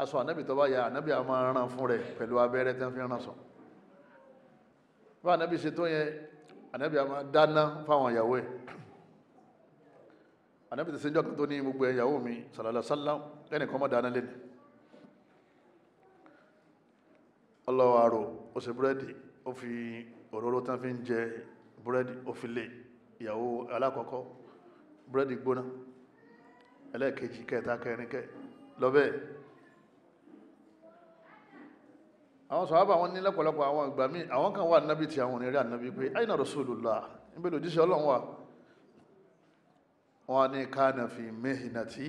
aṣọ anábì tó bá ya anábì á máa rán fún rẹ̀ pẹ̀lú abẹ́rẹ́ tí wọ́n fi rán sọ. bá anábì ṣe tó yẹ anábì á máa dáná fáwọn ìyàwó ẹ̀ anábì tó ṣe kan tó ní gbogbo ìyàwó mi sàlálà sálá ẹnì kan má dáná lẹ́nu ọlọ́wọ́ aró ó ṣe búrẹ́dì ó fi òróró tán fi ń jẹ búrẹ́dì ó fi lé ìyàwó alákọ̀ọ́kọ́ búrẹ́dì gbóná ẹlẹ́ẹ̀kejì kẹta kẹrin lọ́bẹ̀ àwọn wọn ní lọ́pọ̀lọpọ̀ àwọn ìgbà míì àwọn kan wà nábì àwọn pé ọlọ́run wà wọn ní kánà fi mihnati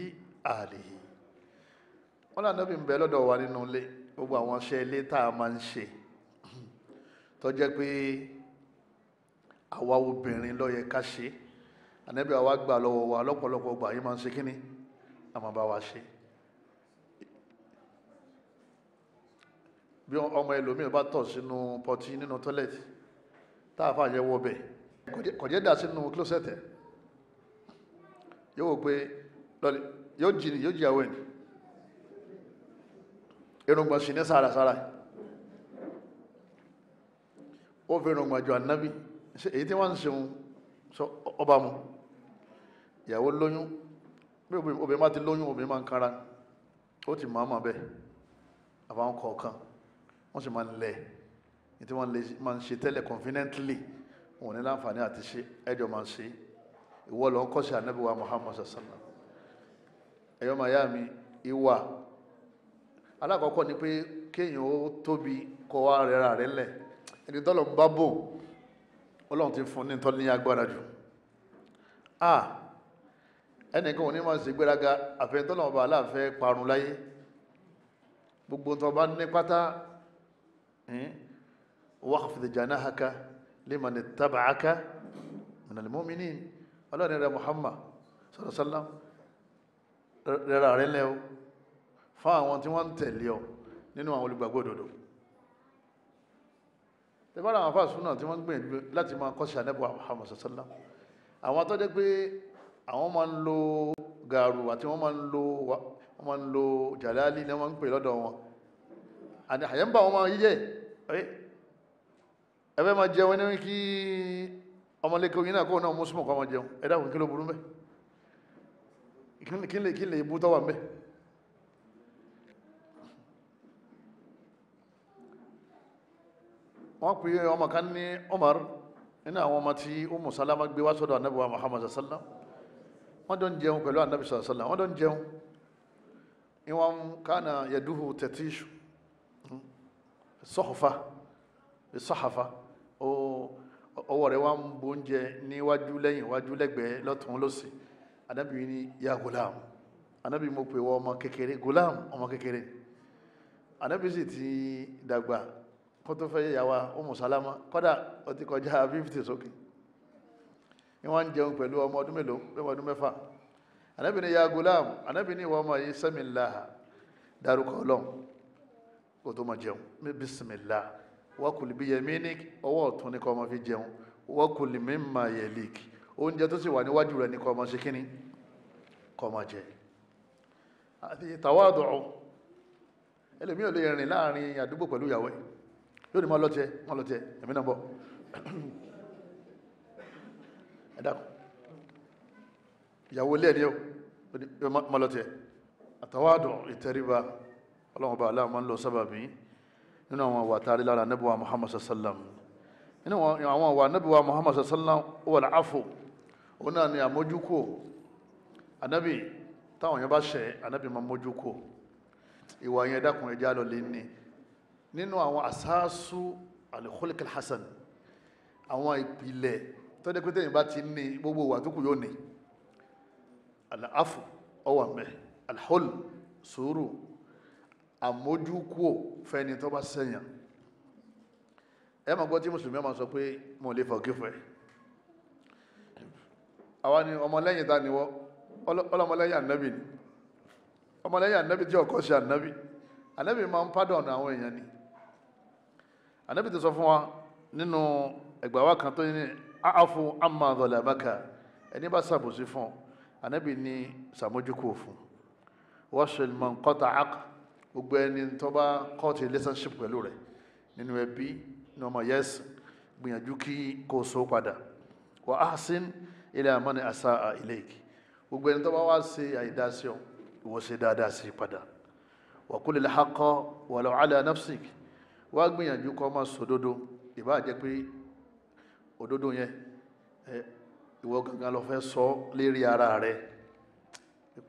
ahlihi wọn lànà ń bẹ lọ́dọ̀ wa nínú ilé gbogbo àwọn iṣẹ́ ilé tá a máa ń ṣe tó jẹ́ pé àwa obìnrin ló yẹ ká ṣe ànábì àwa gbà lọ́wọ́ wa lọ́pọ̀lọpọ̀ gbà yín máa ń ṣe kí ni àmọ́ bá wa ṣe. bí ọmọ ẹlòmíì bá tọ̀ sínú pọtí nínú tọ́lẹ̀tì tá a fà yẹ wọ bẹ̀ kọ̀jẹ́ dà sínú klósẹ̀tẹ̀ yóò wò pé yóò jìyàwó ẹ̀ irùngbọ̀n sì ní sàràsàrà ó fi irùngbọ̀n jọ ànábì èyí tí wọ́n ń sìn ọba mu ìyàwó lóyún bí obìnrin bá ti lóyún obìnrin máa ń kára ó ti máa mà bẹ́ẹ̀ àbáwọn kọ̀ọ̀kan wọ́n sì máa ń lẹ̀ ní tí wọ́n máa ń ṣe tẹ́lẹ̀ confidently wọn ní láǹfààní àti ṣe ẹjọ́ máa ń ṣe ìwọ ló kọ́ sí ànábì wa Muhammad sallallahu alaihi wasallam ẹ̀yọ́ màá yá mi ìwà alákọ̀ọ́kọ́ ni pé kéèyàn ó tóbi kọ wá rẹra rẹ lẹ̀ ẹni tọ́lọ̀ bá bò ọlọ́run ti fún ní tọ́ ní agbára jù a ẹnìkan ò ní máa ṣe gbéraga àfẹ́yìn tọ́lọ̀ ọba aláàfẹ́ parun láyé gbogbo tó bá ní pátá waqfid janahaka liman ittaba'aka minal mu'minin ọlọ́run rẹ Muhammad sallallahu alaihi wasallam rẹra rẹ lẹ́wọ̀ fún àwọn tí wọ́n ń tẹ̀lé ọ nínú àwọn olùgbàgbọ́ òdodo tẹ́bára àwọn afáà súnà tí wọ́n ń gbìyànjú láti máa kọ́ sànẹ́bù Muhammad sallam àwọn tó pé àwọn máa ń lo gàrú àti wọ́n máa ń lo wọ́n lo jàlálì ní wọ́n ń pè lọ́dọ̀ wọn àti àyẹ̀mbà wọn máa yíyẹ ẹ̀fẹ́ máa jẹun ní kí ọmọlẹ́kọ̀ọ́ yìí náà kó náà mú súnmọ̀ kọ́ máa jẹun ẹ̀dá kí wọ́n pe ọmọ kan ní Umar nínú àwọn ọmọ tí Ummu Salama gbé wá sọ́dọ̀ anabi wa Muhammad sallam wọ́n dọ̀ ń jẹun pẹ̀lú anabi sallam wọ́n dọ̀ ń jẹun ìwọ̀n kánà yaduhu tẹ̀tíṣù hmm, sọ́hùfà sọ́hàfà ọwọ́ rẹ̀ wá ń bo oúnjẹ níwájú lẹ́yìn iwájú lẹ́gbẹ̀ẹ́ lọ́tún lọ́sì anabi ni ya gulam anabi mo pè wọ́n ọmọ kékeré gulam ọmọ kékeré anabi sì ti dàgbà kó tó fẹ́ yàwá Umu Salama kọ́dà ó ti kọjá fífìtì sókè ni wọ́n ń jẹun pẹ̀lú ọmọ ọdún mélòó pé ọmọ ọdún mẹ́fà Ànábì ní ya gulam Ànábì ní ìwọ ọmọ yìí sẹ́mìláhà dárúkọ ọlọ́run kó tó máa jẹun bísímìlá wákùlì bí yaminik ọwọ́ ọ̀tún ní kọ́ ọmọ fi jẹun wákùlì mímà yẹlik oúnjẹ tó sì wà níwájú rẹ̀ ní kọ́ ọmọ ṣe kọ́ ọmọ jẹ àti tàwádùn ẹlòmíì rìn láàrin àdúgbò pẹ̀lú ìyàwó yóò ní mọ́ lọ́tẹ́ mọ́ lọ́tẹ́ ẹ̀mí náà bọ̀ ẹ̀dàkùn ìyàwó ilé ẹni ó mọ́ lọ́tẹ́ àtàwádùn ìtẹríba ọlọ́run bá aláàmọ́ ń lọ sábàbí nínú àwọn àwà tààrí lára nẹ́bùwà Muhammad sallam nínú àwọn àwà nẹ́bùwà Muhammad sallam ó wà láàfò òun náà ni àmójúkò Anabi, táwọn yẹn bá ṣẹ̀ anábì máa mójúkò ìwà yẹn dákùn ẹja lọ lé ní nínú àwọn àsáàsù alìkúlìkì hasan àwọn ìpìlẹ̀ tó dé pété ìbá ti ní gbogbo wà tó kù yóò ní aláàfù ọwà mẹ́ alhol sùúrù àmójúkúò fẹ́ni tó bá sẹ́yàn ẹ ma gbọ́ tí mùsùlùmí ma sọ pé mo lè fọ̀gífẹ́ àwa ni ọmọlẹ́yìn ta ni wọ́ ọlọmọlẹ́yìn ànábì ni ọmọlẹ́yìn ànábì tí ọkọ̀ ṣe ànábì ànábì ma ń pádọ̀nà àwọn èèyàn ni anabi ti sọ fún wa nínú ẹgbàá wa kan tó ní àáfù amadọlẹ abaka ẹni bá ṣàbòsí fún anabi ní ṣàmójúkú òfin wọ́ṣẹ̀lì mọ̀ nkọ́ta ak gbogbo ẹni tó bá kọ́ọ̀tì relationship pẹ̀lú rẹ̀ nínú ẹbí ní ọmọ yẹ́sì gbìyànjú kí kò so padà wà á sin ilé àmọ́ni àṣà ilayki gbogbo ẹni tó bá wá ṣe àìdásí ọ ìwọ dáadáa sí padà wà kulil haqqa walaw ala nafsik wá gbìyànjú kó máa sòdodo ìbá jẹ́ pé òdodo yẹn ìwọ gangan ló fẹ́ sọ lérí ara rẹ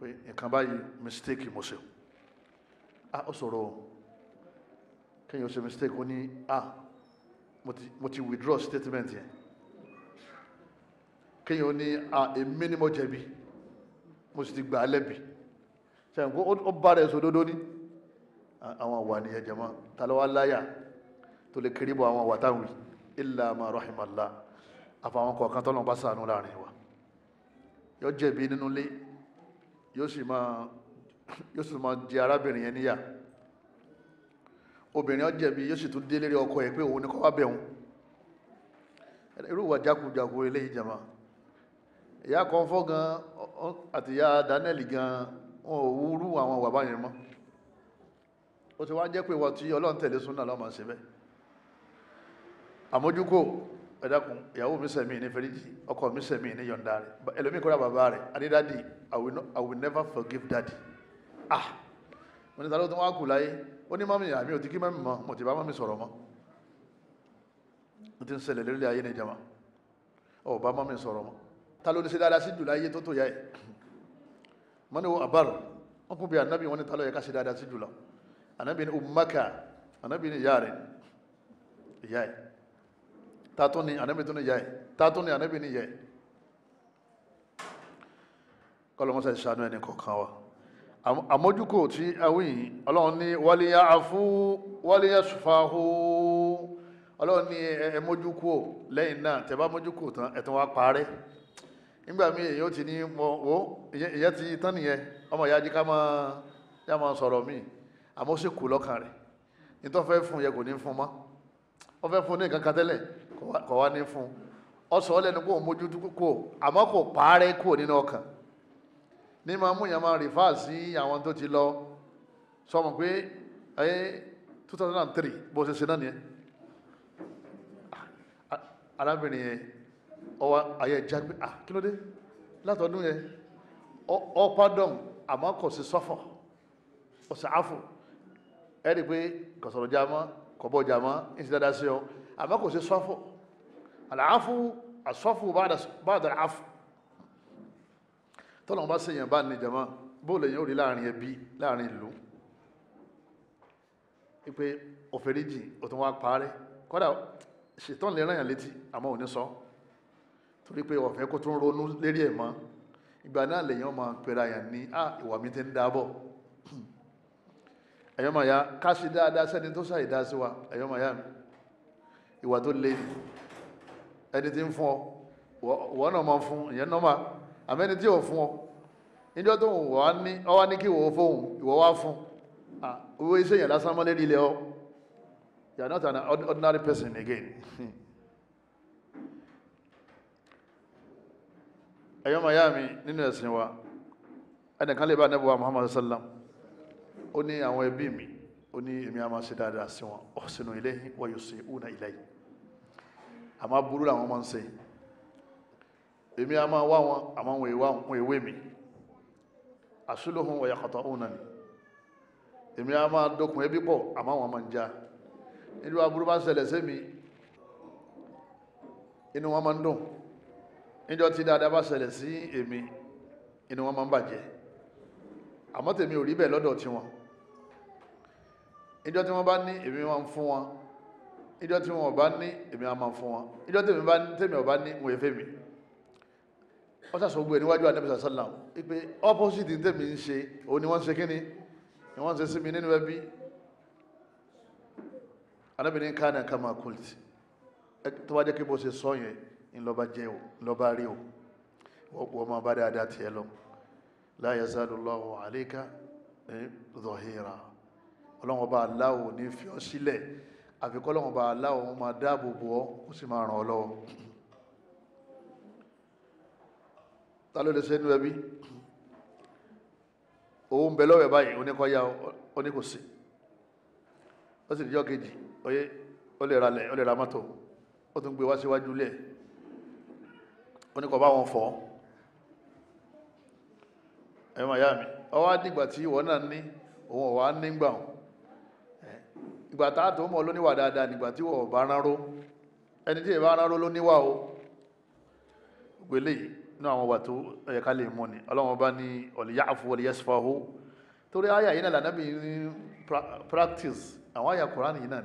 pé nǹkan báyìí mistake mo ṣe ah ó sọ̀rọ̀ kéèyàn ṣe mistake ó ní ah mo ti withdraw statement yẹn kéèyàn ó ní ah èmi ni mo jẹ̀bi mo sì ti gbà á lẹ́bi ṣe àǹkó ó bá rẹ̀ sòdodo ni àwọn àwa ni ẹ̀jẹ̀ mọ́ ta ló wá láyà tó lè kiri bọ̀ àwọn àwa táwọn ilà máa rahimallah àfàwọn kọ̀ọ̀kan tọ́lọ́ bá sànú láàrin wa yóò jẹ̀bi nínú ilé yóò sì máa yóò sì máa jẹ arábìnrin yẹn níyà obìnrin ó jẹ̀bi yóò sì tún dé lérí ọkọ ẹ̀ pé òun ni kọ́ wá bẹ̀ irú ìwà jákujàku eléyìí jama ìyá kan fọ́ gan àti ìyá Daniel gan wọn ò wúrú àwọn wàbá yẹn mọ́ ó ti wá jẹ́ pé wọ́n ti ọlọ́run tẹ̀lé súnà lọ́mọ ṣe bẹ́ẹ̀ àmójúkò ẹ̀dàkùn ìyàwó mi sẹ̀mí ní fẹ́ríjì ọkọ mi sẹ̀mí ní yọ̀ǹda rẹ̀ ẹlòmí kọ́ra bàbá rẹ̀ adé dádì I will I will never forgive daddy ah mo ní sáré tó wá kù láyé ó ní mọ́mí àmì òtí kí mọ́mí mọ́ mo ti bá mọ́mí sọ̀rọ̀ mọ́ mo ti ń ṣẹlẹ̀ lórí ayé ní jama ọ̀ bá mọ́mí sọ̀rọ̀ mọ́ ta ló ní ṣe dáadáa sí jù láyé tó tó yá ẹ̀ mọ́ni wo àbárò wọ́n kún bí anábì wọn ní ta ló yẹ ká ṣe dáadáa sí jù lọ anábì ní ummaka anábì ní ìyá rẹ̀ ìyá ẹ̀ tátún ní anábì tún ní ìyá ẹ̀ tátún ní anábì ní ìyá ẹ̀ kọlọmọsẹ̀ ṣàánú ẹni kọ̀ọ̀kan wa àmójúkò tí awìn ọlọ́run ní wàlíyà afú wàlíyà ṣùfàáhù ọlọ́run ní ẹ mójúkò lẹ́yìn náà tẹ bá mójúkò tán ẹ̀tàn wa parẹ́ nígbà míì èyí ó ti ní mọ̀ wó ìyẹn ti tán nìyẹn ọmọ ìyá jí máa sọ̀rọ̀ míì àmọ́ sì kù lọ́kàn rẹ̀ nítorí fẹ́ fún yẹ ní fún mọ́ wọ́n fẹ́ fún ní nǹkan tẹ́lẹ̀ wá ní fún ọsọ lẹ́nu kó mójútó kó àmọ́ kò pààrẹ̀ kó nínú ọkàn ní máa mú yẹn máa rìfà sí àwọn tó ti lọ sọmọ pé ẹ two bó ṣe ṣe náà nìyẹn arábìnrin yẹn ọwọ́ ayé ẹja pé ah kí ló dé látọdún yẹn ọ pardon àmọ́ kò sí sọ́fọ̀ àfọ̀. ẹ rí i pé kọ̀sọ̀rọ̀ já mọ́ kọ̀bọ̀ já mọ́ ní ti dáadáa sí ọ àmọ́ kò sí sọ́fọ̀ àlàáfù àsọ́fù báàdà àfù tọ́lọ̀ bá sèyàn bá ní jama bó lè yàn ó rí láàrin ẹbí láàrin ìlú ipe òfèríjì ó tún wá parí kódà ṣètọ́n lè ráyàn létí àmọ́ ò ní sọ torí pé ọ̀fẹ́ kó tún ronú lérí ẹ̀ mọ́ ìgbà náà lèyàn máa pera yàn ní à ìwà mi ti ń dábọ̀ ẹ̀yọ́ màá ya ká ṣe dáadáa sẹ́ni tó ṣàì dá sí wa ẹ̀yọ́ màá ya mi ìwà tó lé ní ẹni tí ń fún ọ wọ́n náà máa fún ìyẹn náà máa àmọ́ ẹni tí ò fún ọ níjọ́ tó wọ́n wá ní ọ wá ní kí ìwọ fóun ìwọ wá fún owó iṣẹ́ yẹn lásán mọ́lẹ́ nílẹ̀ ọ you are not an ordinary person again *laughs* ẹ̀yọ́ màá ya mi nínú ẹ̀sìn wa ẹnìkan lè bá anábọ̀ wa Muhammadu sallam ó ní àwọn ẹbí mi ó ní èmi a máa ṣe dáadáa sí wọn ó sínú ilé wọ́n yóò ṣe ìhùnà ilé yìí àmọ́ burú làwọn máa ń ṣe èmi a máa wá wọn àmọ́ wọn èwà wọn èwe mi àṣùlóhùn ọ̀yàkọ̀tọ̀ òun náà ni èmi a máa dókun ẹbí pọ̀ àmọ́ wọn máa ń já nílùú aburú bá ṣẹlẹ̀ sí mi inú wọn máa ń dùn níjọ́ tí dáadáa bá ṣẹlẹ̀ sí èmi inú wọn máa ń bàjẹ́ àmọ́ tèmi ò rí bẹ́ẹ̀ lọ́dọ̀ tiwọn ìjọ tí wọ́n bá ní èmi máa ń fún wọn ìjọ tí wọ́n bá ní èmi máa ń fún wọn ìjọ tí èmi bá ní tèmi ọ̀bá ní wọ́n èfé mi wọ́n sàṣọ gbé níwájú anábìsà sálàm ipe opposite tèmi ń ṣe òun ni wọ́n ṣe kíni ni wọ́n ṣe sí mi nínú ẹbí anábìnrin kánà kama kult tó bá jẹ́ kí bó ṣe sọ yẹn ńlọba jẹ́ o ńlọba rí o wọ́n pọ̀ ọmọ bá dáadáa tiẹ̀ lọ la yazalu Allahu alayka dhahira. Eh, ọlọ́run ọba aláwo ní fi ọ́ sílẹ̀ àfikọ́ ọlọ́run ọba aláwo wọn máa dáàbò bò ọ́ ó sì máa ràn ọ́ lọ́wọ́ ta ló lè sẹ́nu ẹbí òun ń bẹ lọ́wọ́ báyìí oníkọ́yà oníkòsí ó sì níjọ́ kejì oyé ó lè ralẹ̀ ó lè ra mọ́tò ó tún gbé wá síwájú lẹ̀ oníkọ̀ bá wọn fọ́ ẹ̀wọ̀n ìyá mi ọwọ́ á dìgbà tí ìwọ náà ní òun ọ̀wá nígbà wọn ìgbà tá a tó mọ̀ lóníwà dáadáa nígbà tí wọ́n bá ránró ẹni tí ìbá ránró lóníwà o gbélé inú àwọn wà tó ẹ̀ka lè mọ́ ni ọlọ́wọ́n bá ní ọ̀lẹ́yàfọ́ ọ̀lẹ́yẹsífàhó torí àyà yìí náà lànàbí ní practice àwọn àyà Kùránì yìí náà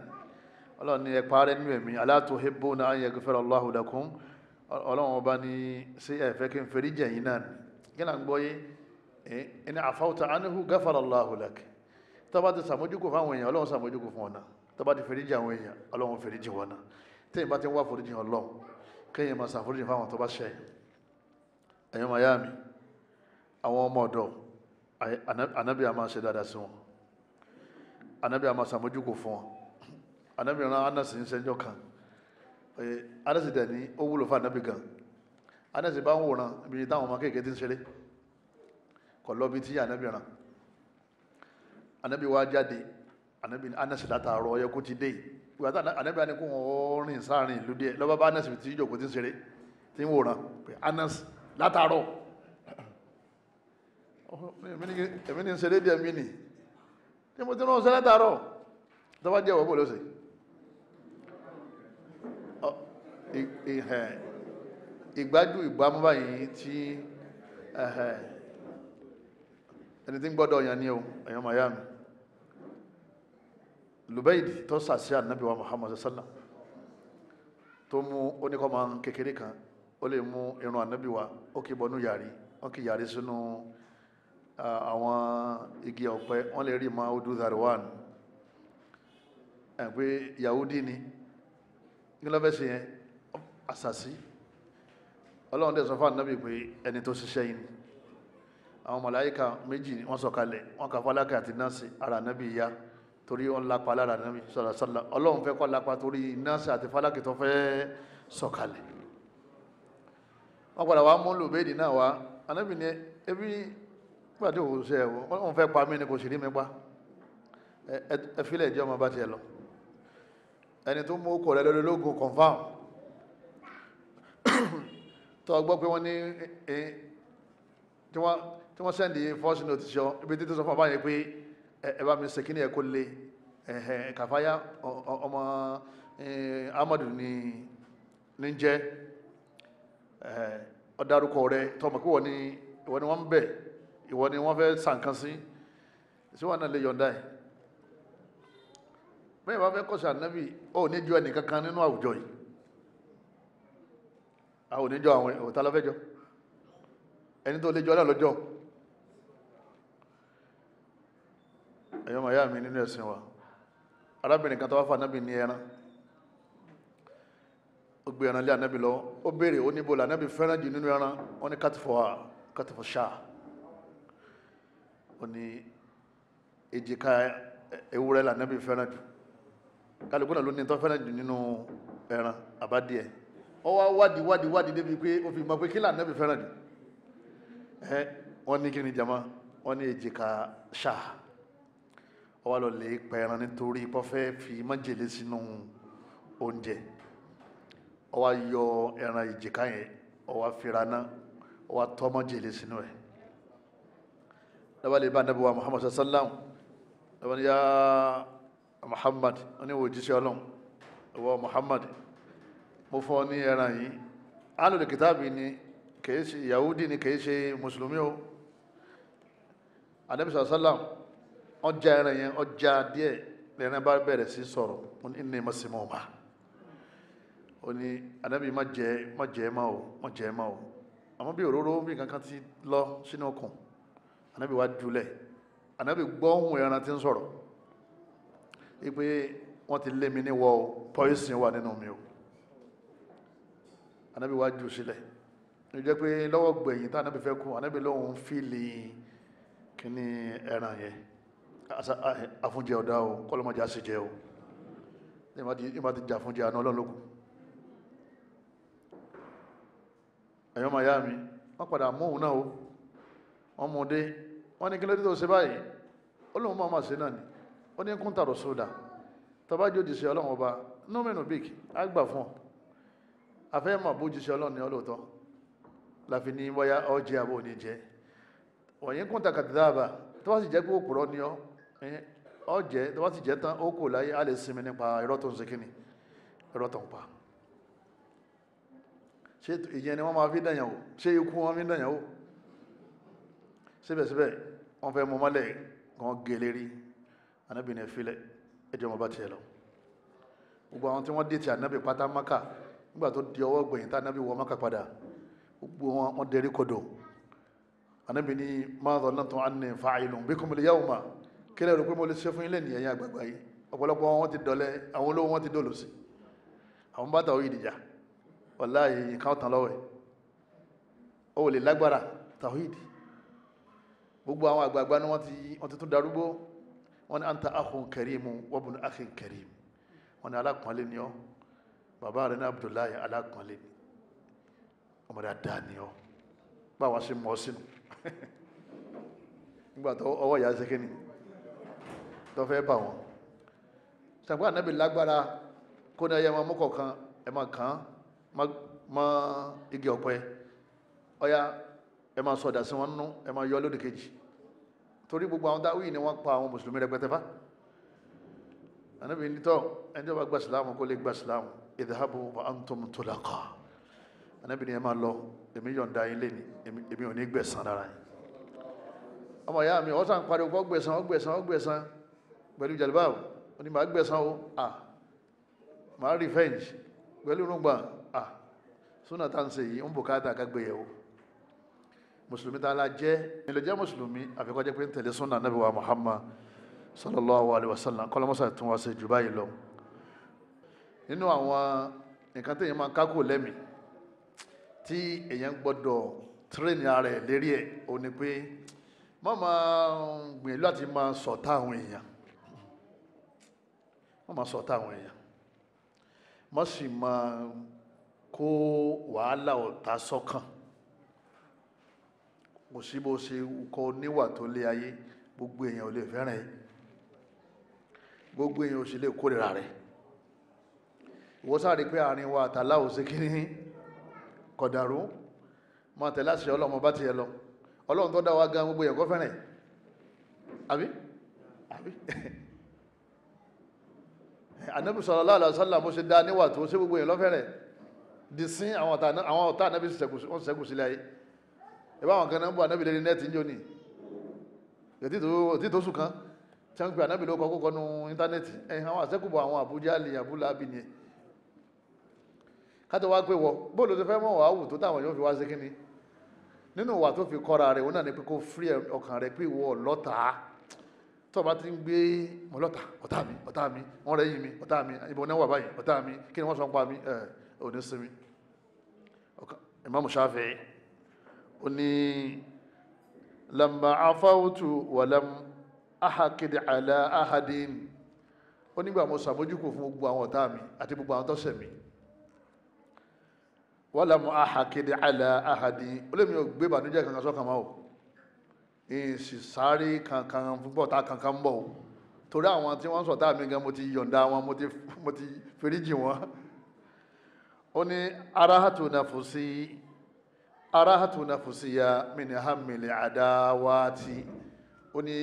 ọlọ́wọ́n ní ẹ̀pá rẹ̀ nínú ẹ̀mí alā tuhibbūna an yaghfira Allāhu lakum ọlọ́wọ́n bá ní sí ẹ̀fẹ́ kí n fẹ́rí jẹ̀yìn náà kí tọ́ba ti sàmójúkò fáwọn èèyàn ọlọ́run sàmójúkò fún ọ̀nà tọ́ba ti fèrèjì àwọn èèyàn ọlọ́run fèrèjì wọn náà téèyàn bá ti ń wá foríjì ọlọ́run kéèyàn máa sàforíjì fáwọn tọ́ba ṣẹ̀yìn ẹ̀yọ́ mayami àwọn ọmọ ọ̀dọ́ anabi a máa ṣe dáadáa sí wọn anabi a máa sàmójúkò fún wọn anabi ran anasi ń ṣẹjọ kan anasi dẹ̀ ní ó wúlò fún anabi gan anasi bá ń wòran ibi táwọn ọmọ kéèké ti ń ṣeré kọ̀ lọ́bi tí anabi ran anabi wa jáde anabi anasi látàárọ̀ ọyẹ kó ti dé ìgbà tá anabi ani kó wọn rìn sáàrin ìlú díẹ̀ lọ́ba bá anasi ti jókòó ti ń ṣeré ti ń wòran pé anasi látàárọ̀ èmi ni ń ṣeré díẹ̀ mí nì tí mo ti rán ọ̀sẹ̀ látàárọ̀ tọ́ba jẹ́ ìwọ́pọ̀ lọ́sẹ̀ ìgbájú ìgbámú báyìí tí ẹni tí ń gbọ́dọ̀ yàn ní o ẹ̀yàn miami lubaidi tó sàṣẹ ànábì wa muhammad sallam tó mú oníkọ́mọ kékeré kan ó lè mú irun ànábì wa ó kì í bọnú yàrí wọ́n kì í yàrí sínú àwọn igi ọ̀pẹ wọ́n lè rí ma odò zarwan ẹ̀ pé yahudi ni kí ló fẹ́ ṣe yẹn àṣàṣì ọlọ́run dẹ̀ sọ fún ànábì pé ẹni tó ṣiṣẹ́ yìí ni àwọn màláíkà méjì wọ́n sọ̀kalẹ̀ wọ́n kà fálákà àti nọ́ọ̀sì ara ànábì yá torí wọn lápá lára nàbí sọlọsọlọ Ọlọ́run fẹ́ kọ lápá torí nọọsì àti fálákì tó fẹ́ sọ̀kalẹ̀ wọn padà wàá mú lùbẹ́ẹ̀dì náà wá anábì ni ebi pàdé òwúṣẹ ẹ wọn fẹ́ pa mí ni kò sì rí mi pa ẹ filẹ̀ ìjọba bá tiẹ̀ lọ ẹni tó mú kọ̀ rẹ lórí lógun confam tó gbọ́ pé wọ́n ní eh, eh, tí wọ́n sẹ́ndì first note ibi títí sọ fún ọba pé ẹ bá mi ṣe kí ni ẹ kó lé kàfáyà ọmọ amadu ni ní jẹ́ ọ̀darúkọ rẹ tọmọ pé ìwọ ni wọ́n ń bẹ̀ ìwọ ni wọ́n fẹ́ sànkan sí sí wọn náà lè yọ̀ǹda ẹ̀ bẹ́ẹ̀ bá fẹ́ kọ́sà nábì ó ní jọ ẹnì kankan nínú àwùjọ yìí a ò ní jọ àwọn òtá lọ́fẹ́jọ ẹni tó lè jọ náà lọ́jọ́ ẹ̀yọ́ màá yá mi nínú ẹ̀sìn wa arábìnrin kan tó wá fún anábì ní ẹran ó gbé ẹran lé anábì lọ ó béèrè ó níbo lànábì fẹ́ràn jù nínú ẹran wọn ní kátìfọ̀ wa kátìfọ̀ ṣáà ó ní èjìká ewúrẹ́ lànábì fẹ́ràn jù kálukú náà ló ní tó fẹ́ràn jù nínú ẹran àbádìẹ ó wá wádìí wádìí wádìí débi pé ó fi mọ pé kí lànábì fẹ́ràn jù ẹ wọn ní kí ni jama wọn ní èjìká ṣáà ọwọ́ lọ lè pẹran nítorí pọ́ fẹ́ fi májèlé sínú oúnjẹ ọwọ́ yọ ẹran ìjìká yẹn ọwọ́ firaná ọwọ́ tọ́ májèlé sínú ẹ̀ lọ́wọ́ lè bá nàbẹ̀wá Muhammad sallam lọ́wọ́ ní yá Muhammad wọ́n ní wò jíṣẹ́ ọlọ́run ọwọ́ Muhammad mo fọ́ ní ẹran yìí alùlù kìtàbì ni kìí ṣe Yahudi ni kìí ṣe mùsùlùmí o anabi sallam ọjà ẹran yẹn ọjà díẹ̀ lẹ́ran bá bẹ̀rẹ̀ sí sọ̀rọ̀ ó ní ní màsímọ́ ọba ó ní anábì má jẹ má jẹ má o má jẹ má o àmọ́ bí òróró bí kankan ti lọ sínú ọkàn anábì wá dulẹ̀ anábì gbọ́ ohun ẹran tí ń sọ̀rọ̀ ipe wọ́n ti lé mi ní wọ́ pọ́ìsì wà nínú mi o anábì wá jù sílẹ̀ ó jẹ́ pé lọ́wọ́ gbẹ̀yìn tá anábì fẹ́ kú anábì lóun fìlì kíní ẹran yẹn àfúnjẹ ọ̀dá o kọ́lọ́mọjà sì jẹ o ìmá ti jẹ àfúnjẹ àná ọlọ́lọ́gùn ẹ̀yọ́ màá yá mi wọ́n padà mú òun náà o wọ́n mú un dé wọ́n ní kí lóde tó ṣe báyìí ó lóun máa ma ṣe náà ni ó ní kún tàrọ̀ sódà tọ́ba jò jìṣẹ́ ọlọ́run ọba nómìnà bíkì á gbà fún ọ afẹ́ mọ̀ bó ọlọ́run ọlọ́tọ́ láfi ní wáyà ọ̀jẹ̀ àbò ní jẹ́ wọ̀nyí kún takàtà dáàbà tó bá sì jẹ́ pé òpùrọ̀ ni ọ́ ọjẹ́ tó bá ti jẹ́ tán ó kò láyé a lè sinmi nípa ṣe pa ṣé ìyẹn ni wọ́n máa fi dànyàn ṣe ikú wọn fi dànyàn síbẹ̀síbẹ̀ wọ́n fẹ́ mú mọ́lẹ̀ kan gèlè e anábìnrin filẹ̀ ẹjọ́ ọmọ bá tiẹ̀ lọ gbogbo àwọn tí wọ́n dé ti anábì pátá maka nígbà tó di ọwọ́ gbẹ̀yìn tá anábì wọ maka padà gbogbo wọn dẹrí kodò anábì ní máa dọ̀ náà tó kílẹ̀ rò pé mo lè ṣe fún ilé nìyẹn àgbàgbà yìí ọ̀pọ̀lọpọ̀ wọn ti dọ̀lẹ àwọn olówó wọn ti dọ̀lọ̀ sí àwọn bàtà òyìn ìdìjà wàláhì nǹkan ọ̀tàn lọ́wọ́ ẹ̀ ó lè lágbára tàwíìdì gbogbo àwọn àgbààgbà ni wọ́n ti tún darúgbó wọ́n ní anta akhun karimu wa bunu akhin karim wọ́n ní alákùnlé ni ọ́ bàbá rẹ̀ ní Abdullahi alákùnlé ni ọmọ dáadáa ni ọ́ báwa ṣe mọ́ sínú *laughs* nígbà tó ọwọ́ ìyá ṣe kí ni tó fẹ́ bà wọ́n sàgbà ànábì lágbára kó ní ẹyẹ máa mú kan, ẹ máa kàn án igi ọ̀pẹ ẹ máa sọ̀dà sí wọn nú ẹ máa yọ torí gbogbo àwọn dáwì ni wọ́n pa àwọn mùsùlùmí ànábì ẹni bá gba kó gba ànábì ni ẹ máa lọ èmi yín èmi ò ní rárá yín ọmọ ìyá mi ọ̀sán pariwo pẹ̀lú jalibab ó ní màá gbẹ̀san o ah màá revenge pẹ̀lú irungba ah súnà tá n ṣe yìí ń bùkátà kágbéyẹ̀wò mùsùlùmí tá a la jẹ́ ilẹ̀ jẹ́ pé ń tẹ̀lé súnà nàbí wa Muhammad sallallahu alaihi wasallam. sallam kọ́lọ́mọ́sà tún wá sí jù báyìí lọ nínú àwọn nǹkan tẹ̀yìn máa kákò lẹ́mìí tí èèyàn gbọ́dọ̀ tírẹ̀nì ara ẹ̀ lérí ẹ̀ ò ní pé má máa gbìyànjú láti máa sọ̀tá àwọn èèyàn wọ́n máa sọ táwọn èèyàn wọ́n sì máa kó wàhálà ọ̀tá sọ́kàn kò sí bó ṣe kọ níwà tó lé ayé gbogbo èèyàn ò lè fẹ́ràn ẹ gbogbo èèyàn ò sì lè kórìíra rẹ ìwọ sáré pé àárín wa àtàlà ò sí kí ní kọ̀dàrú máa tẹ̀lé àṣẹ ọlọ́mọ bá tiẹ̀ lọ ọlọ́run tó dá wa gan gbogbo èèyàn kò fẹ́ràn ẹ àbí àbí *laughs* anabi sallallahu alaihi wasallam bó ṣe dá níwà tó ṣe gbogbo yẹn lọ́fẹ̀rẹ̀ di sin àwọn ọ̀tá anabi wọn ṣẹ́kù sílẹ̀ ayé ìbá àwọn kan náà ń bọ̀ anabi lórí nẹ́ẹ̀tì ń jò ní ètí tó sùn kan tí wọ́n pe anabi ló kọ́kọ́ kọ́nu íńtánẹ́ẹ̀tì ẹ̀hìn àwọn àṣẹ́kùbọ̀ àwọn àbújá lè àbúlá àbí ni ẹ̀ kátó wá pé wọ bóòlù tó fẹ́ mọ̀ wá wù tó táwọn yóò fi wá sí kínni nínú wà tó fi kọ́ra rẹ̀ òun náà ni pé kó fírí ọkàn rẹ̀ pé ìwọ lọ́tàá tó o bá ti ń gbé mọ́lọ́ta ọ̀tá mi ọ̀tá mi wọ́n rẹ̀ yìí mi ọ̀tá mi ìbọn náà wà báyìí ọ̀tá mi kí ni wọ́n sọ ń pa mi ẹ̀ ò ní sinmi. Imam Shafi'i ó ní lamma afawtu wa lam ahakid ala ahadin ó nígbà mo sàmójúkò fún gbogbo àwọn ọ̀tá mi àti gbogbo àwọn tọ́sẹ̀ mi wa lam ahakid ala ahadin ó lè mi ò gbé bànújẹ́ kankan sọ́kàn máa ìsì sáré kankan púpọ̀ tá kankan ń bọ̀ torí àwọn tí wọ́n ń sọ̀tá mi gan mo ti yọ̀ǹda wọn mo ti feríjì wọn. ó ní ya mini hamili adawati ó ní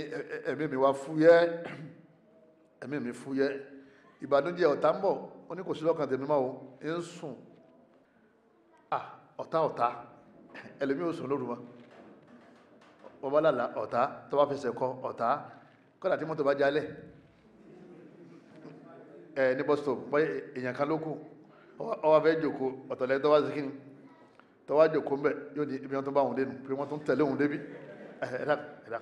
ẹ̀mí mi wá fúyẹ́ *clears throat* ẹ̀mí mi fúyẹ́ ìbànújẹ́ ọ̀tá ń bọ̀ ó ní kò sí lọ́kàn tèmi o ń sùn ah, ọ̀tá ọ̀tá ò bọ́bá lálàá ọ̀tá tó bá fẹsẹ̀ kọ ọ̀tá kọ́dà tí mọ́tò bá jalẹ̀ ẹ̀ ní bọ́sítò bọ́yẹ èèyàn kan ló kù ọwọ́ fẹ́ jòkó ọ̀tọ̀lẹ́ tó wá sí kíni tó wá jòkó mbẹ yóò di ibi wọn tó bá òun dénú pé wọ́n tún tẹ̀lé òun débi ẹ̀dá ẹ̀dá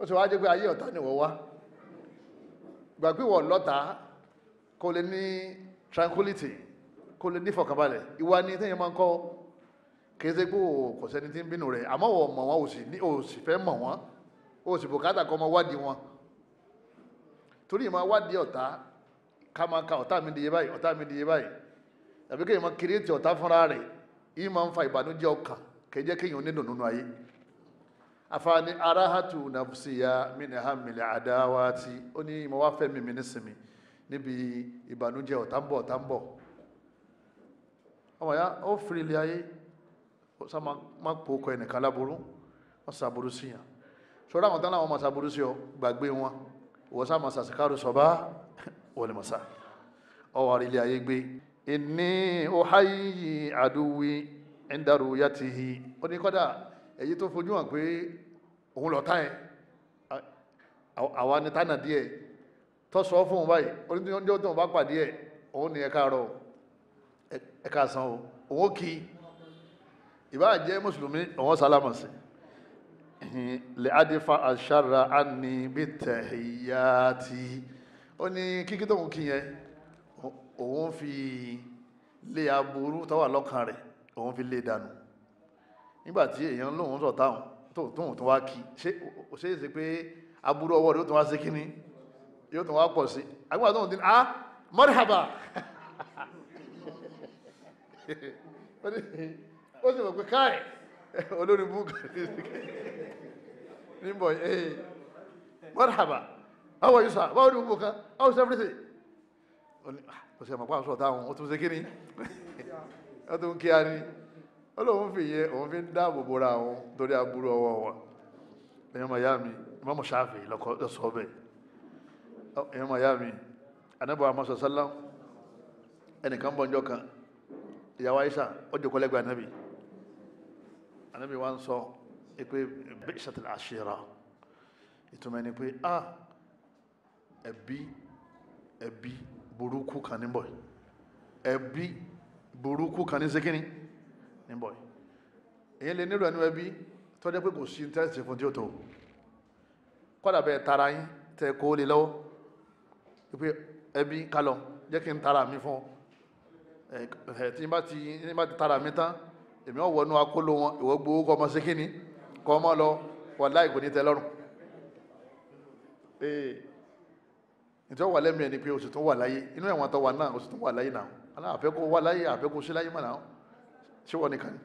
ó sì wá jẹ́ pé ayé ọ̀tá ni wọ́n wá gbàgbé wọ̀ lọ́ta kó lè ní tranquility kó lè ní ìfọ̀kànbalẹ̀ ìwà ni téèyàn máa ń kọ́ kéde pé kò sẹ́ni tí ń bínú rẹ̀ àmọ́ wọ́n mọ̀ wọ́n ò sì fẹ́ mọ̀ wọ́n ò sì bùkátà kọ́ ọmọ wádìí wọn ka ọ̀tá mi dìye báyìí ọ̀tá mi dìye báyìí tàbí kéèyàn máa kírètì ọ̀tá fúnra rẹ̀ yìí máa ń fa ìbànújẹ́ ọkàn kẹjẹ́ kéèyàn nínú ayé arahatu nafsiya mina hamili adawati ó ní ìmọ̀ wá fẹ́ mi nísìmí níbi ìbànújẹ́ ọ̀tá ń ọmọ ya ó ayé sa ma pokọ ẹnìkan láburú wọ́n sàbúrú sí yàn sọ́dọ̀ àwọn tán láwọn máa ọ gbàgbé wọn wọ́n sá máa sàṣìkárù sọ́bá wọlé mọ̀sá ayé gbé inni ohayi aduwi ẹ̀ńdàrú yàtìhì ó ní kọ́dà èyí tó fojú ni tánà díẹ̀ tó sọ fún un báyìí onídìí ọjọ́ ba ni rọ san o òun ó ìbá jẹ́ mùsùlùmí ọ̀wọ́n sálámà sí lè adífà àṣàrà á ní bí tẹ̀yà tí ó ní kíkí tó ń kí yẹn òun fi lé aburú tó wà lọ́kàn rẹ̀ òun fi lé dànù nígbà tí èèyàn lóun sọ táwọn tóun tó wá kí ṣe é ṣe pé aburú ọwọ́ rẹ̀ ó tún wá sí kíní yóò tún wá pọ̀ sí agbára tóun ti ní ah marhaba *laughs* ó sì mọ̀ pé káì *laughs* olórí búkàrí níbọ̀ ee mọ́ràbà how are you sir báwo ni gbogbo kan how is everything kò sí ẹ̀mọ̀pá àṣọ táwọn ó tún ṣe kíni *laughs* ó tún kí a ní olóhun fi yẹ òun fi ń dáàbò bora àwọn torí aburú ọwọ́ wọn èèyàn màyá mi mọ́mọ́ ṣáàfì lọ́sọ̀ bẹ́ẹ̀ èèyàn màyá mi anábọ̀ àmọ́sọ̀ sálá ẹnìkan bọ̀ ọjọ́ kan ìyàwó àyíṣà ó jòkó lẹ́gbẹ̀ẹ́ anábì anabi wa ń sọ pé bi'satil ashira ìtumọ̀ ni pé a ẹbí ẹbí burúkú kan níbọ̀ ẹbí burúkú kan ní sékíní níbọ̀ èyí lè nílò ẹnu ẹbí tọ́jọ́ pé kò sí tẹ́sí fún tí ó tó kọ́dà bẹ́ẹ̀ tara yín tẹ́ kó lè lọ́wọ́ pé ẹbí kálọ̀ jẹ́ kí n tara mi fún ẹ̀ tí n bá ti tara mi tán èmi ọ̀ wọnú akóló wọn ìwọ gbowó kọ́ ọmọ sí kínní kọ́ ọmọ lọ wàláhì kò ní tẹ́ lọ́rùn ee eh, ǹjẹ́ wà lẹ́mìí ẹni pé oṣù tó wà láyé inú ẹ̀wọ̀n tó wà náà oṣù tó wà láyé náà aláà àfẹ́ kó wà láyé àfẹ́ kó sí láyé mọ̀ náà ṣé wọ́n nìkan ni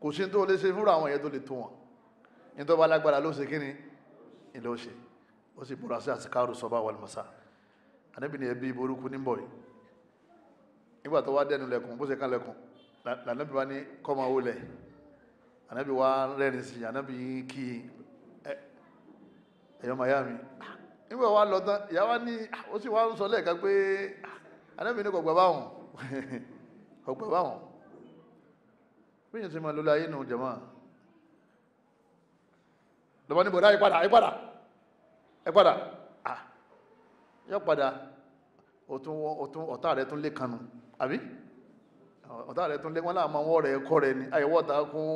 kò sí tó lè ṣe fúnra àwọn yẹn tó lè tó wọn ní tó bá lágbára ló ṣe kíni ilé ó ó sì búra sí àsìkáàrù sọba wàlùmọ́sá àníbi ni ẹbí burúkú níbọ̀ yìí nígbà tó wá dẹnu lẹ́kùn bó ṣe kán lẹ́kùn lànàbí wa ní kọ́mọ owó lẹ̀ ànàbí wa rẹ́rìn sí ànàbí kí ẹ̀yọ́ miami nígbà wa lọ tán ìyá wa ní ó sì wá ń sọ lẹ́ẹ̀ka pé ànàbí ní kọ̀gbà báwọn *laughs* kọ̀gbà báwọn bí yẹn ti máa lọ láyé nù jẹ̀mọ́ lọ́wọ́ níbo dá ìpadà ìpadà ìpadà yọ padà ah, ọ̀tá rẹ̀ tún lé kanu àbí ọ̀tá rẹ̀ tún lé wọn láàmú àwọn ọ̀rẹ́ ẹ̀kọ́ rẹ̀ ni àyẹ̀wò ọ̀tá kún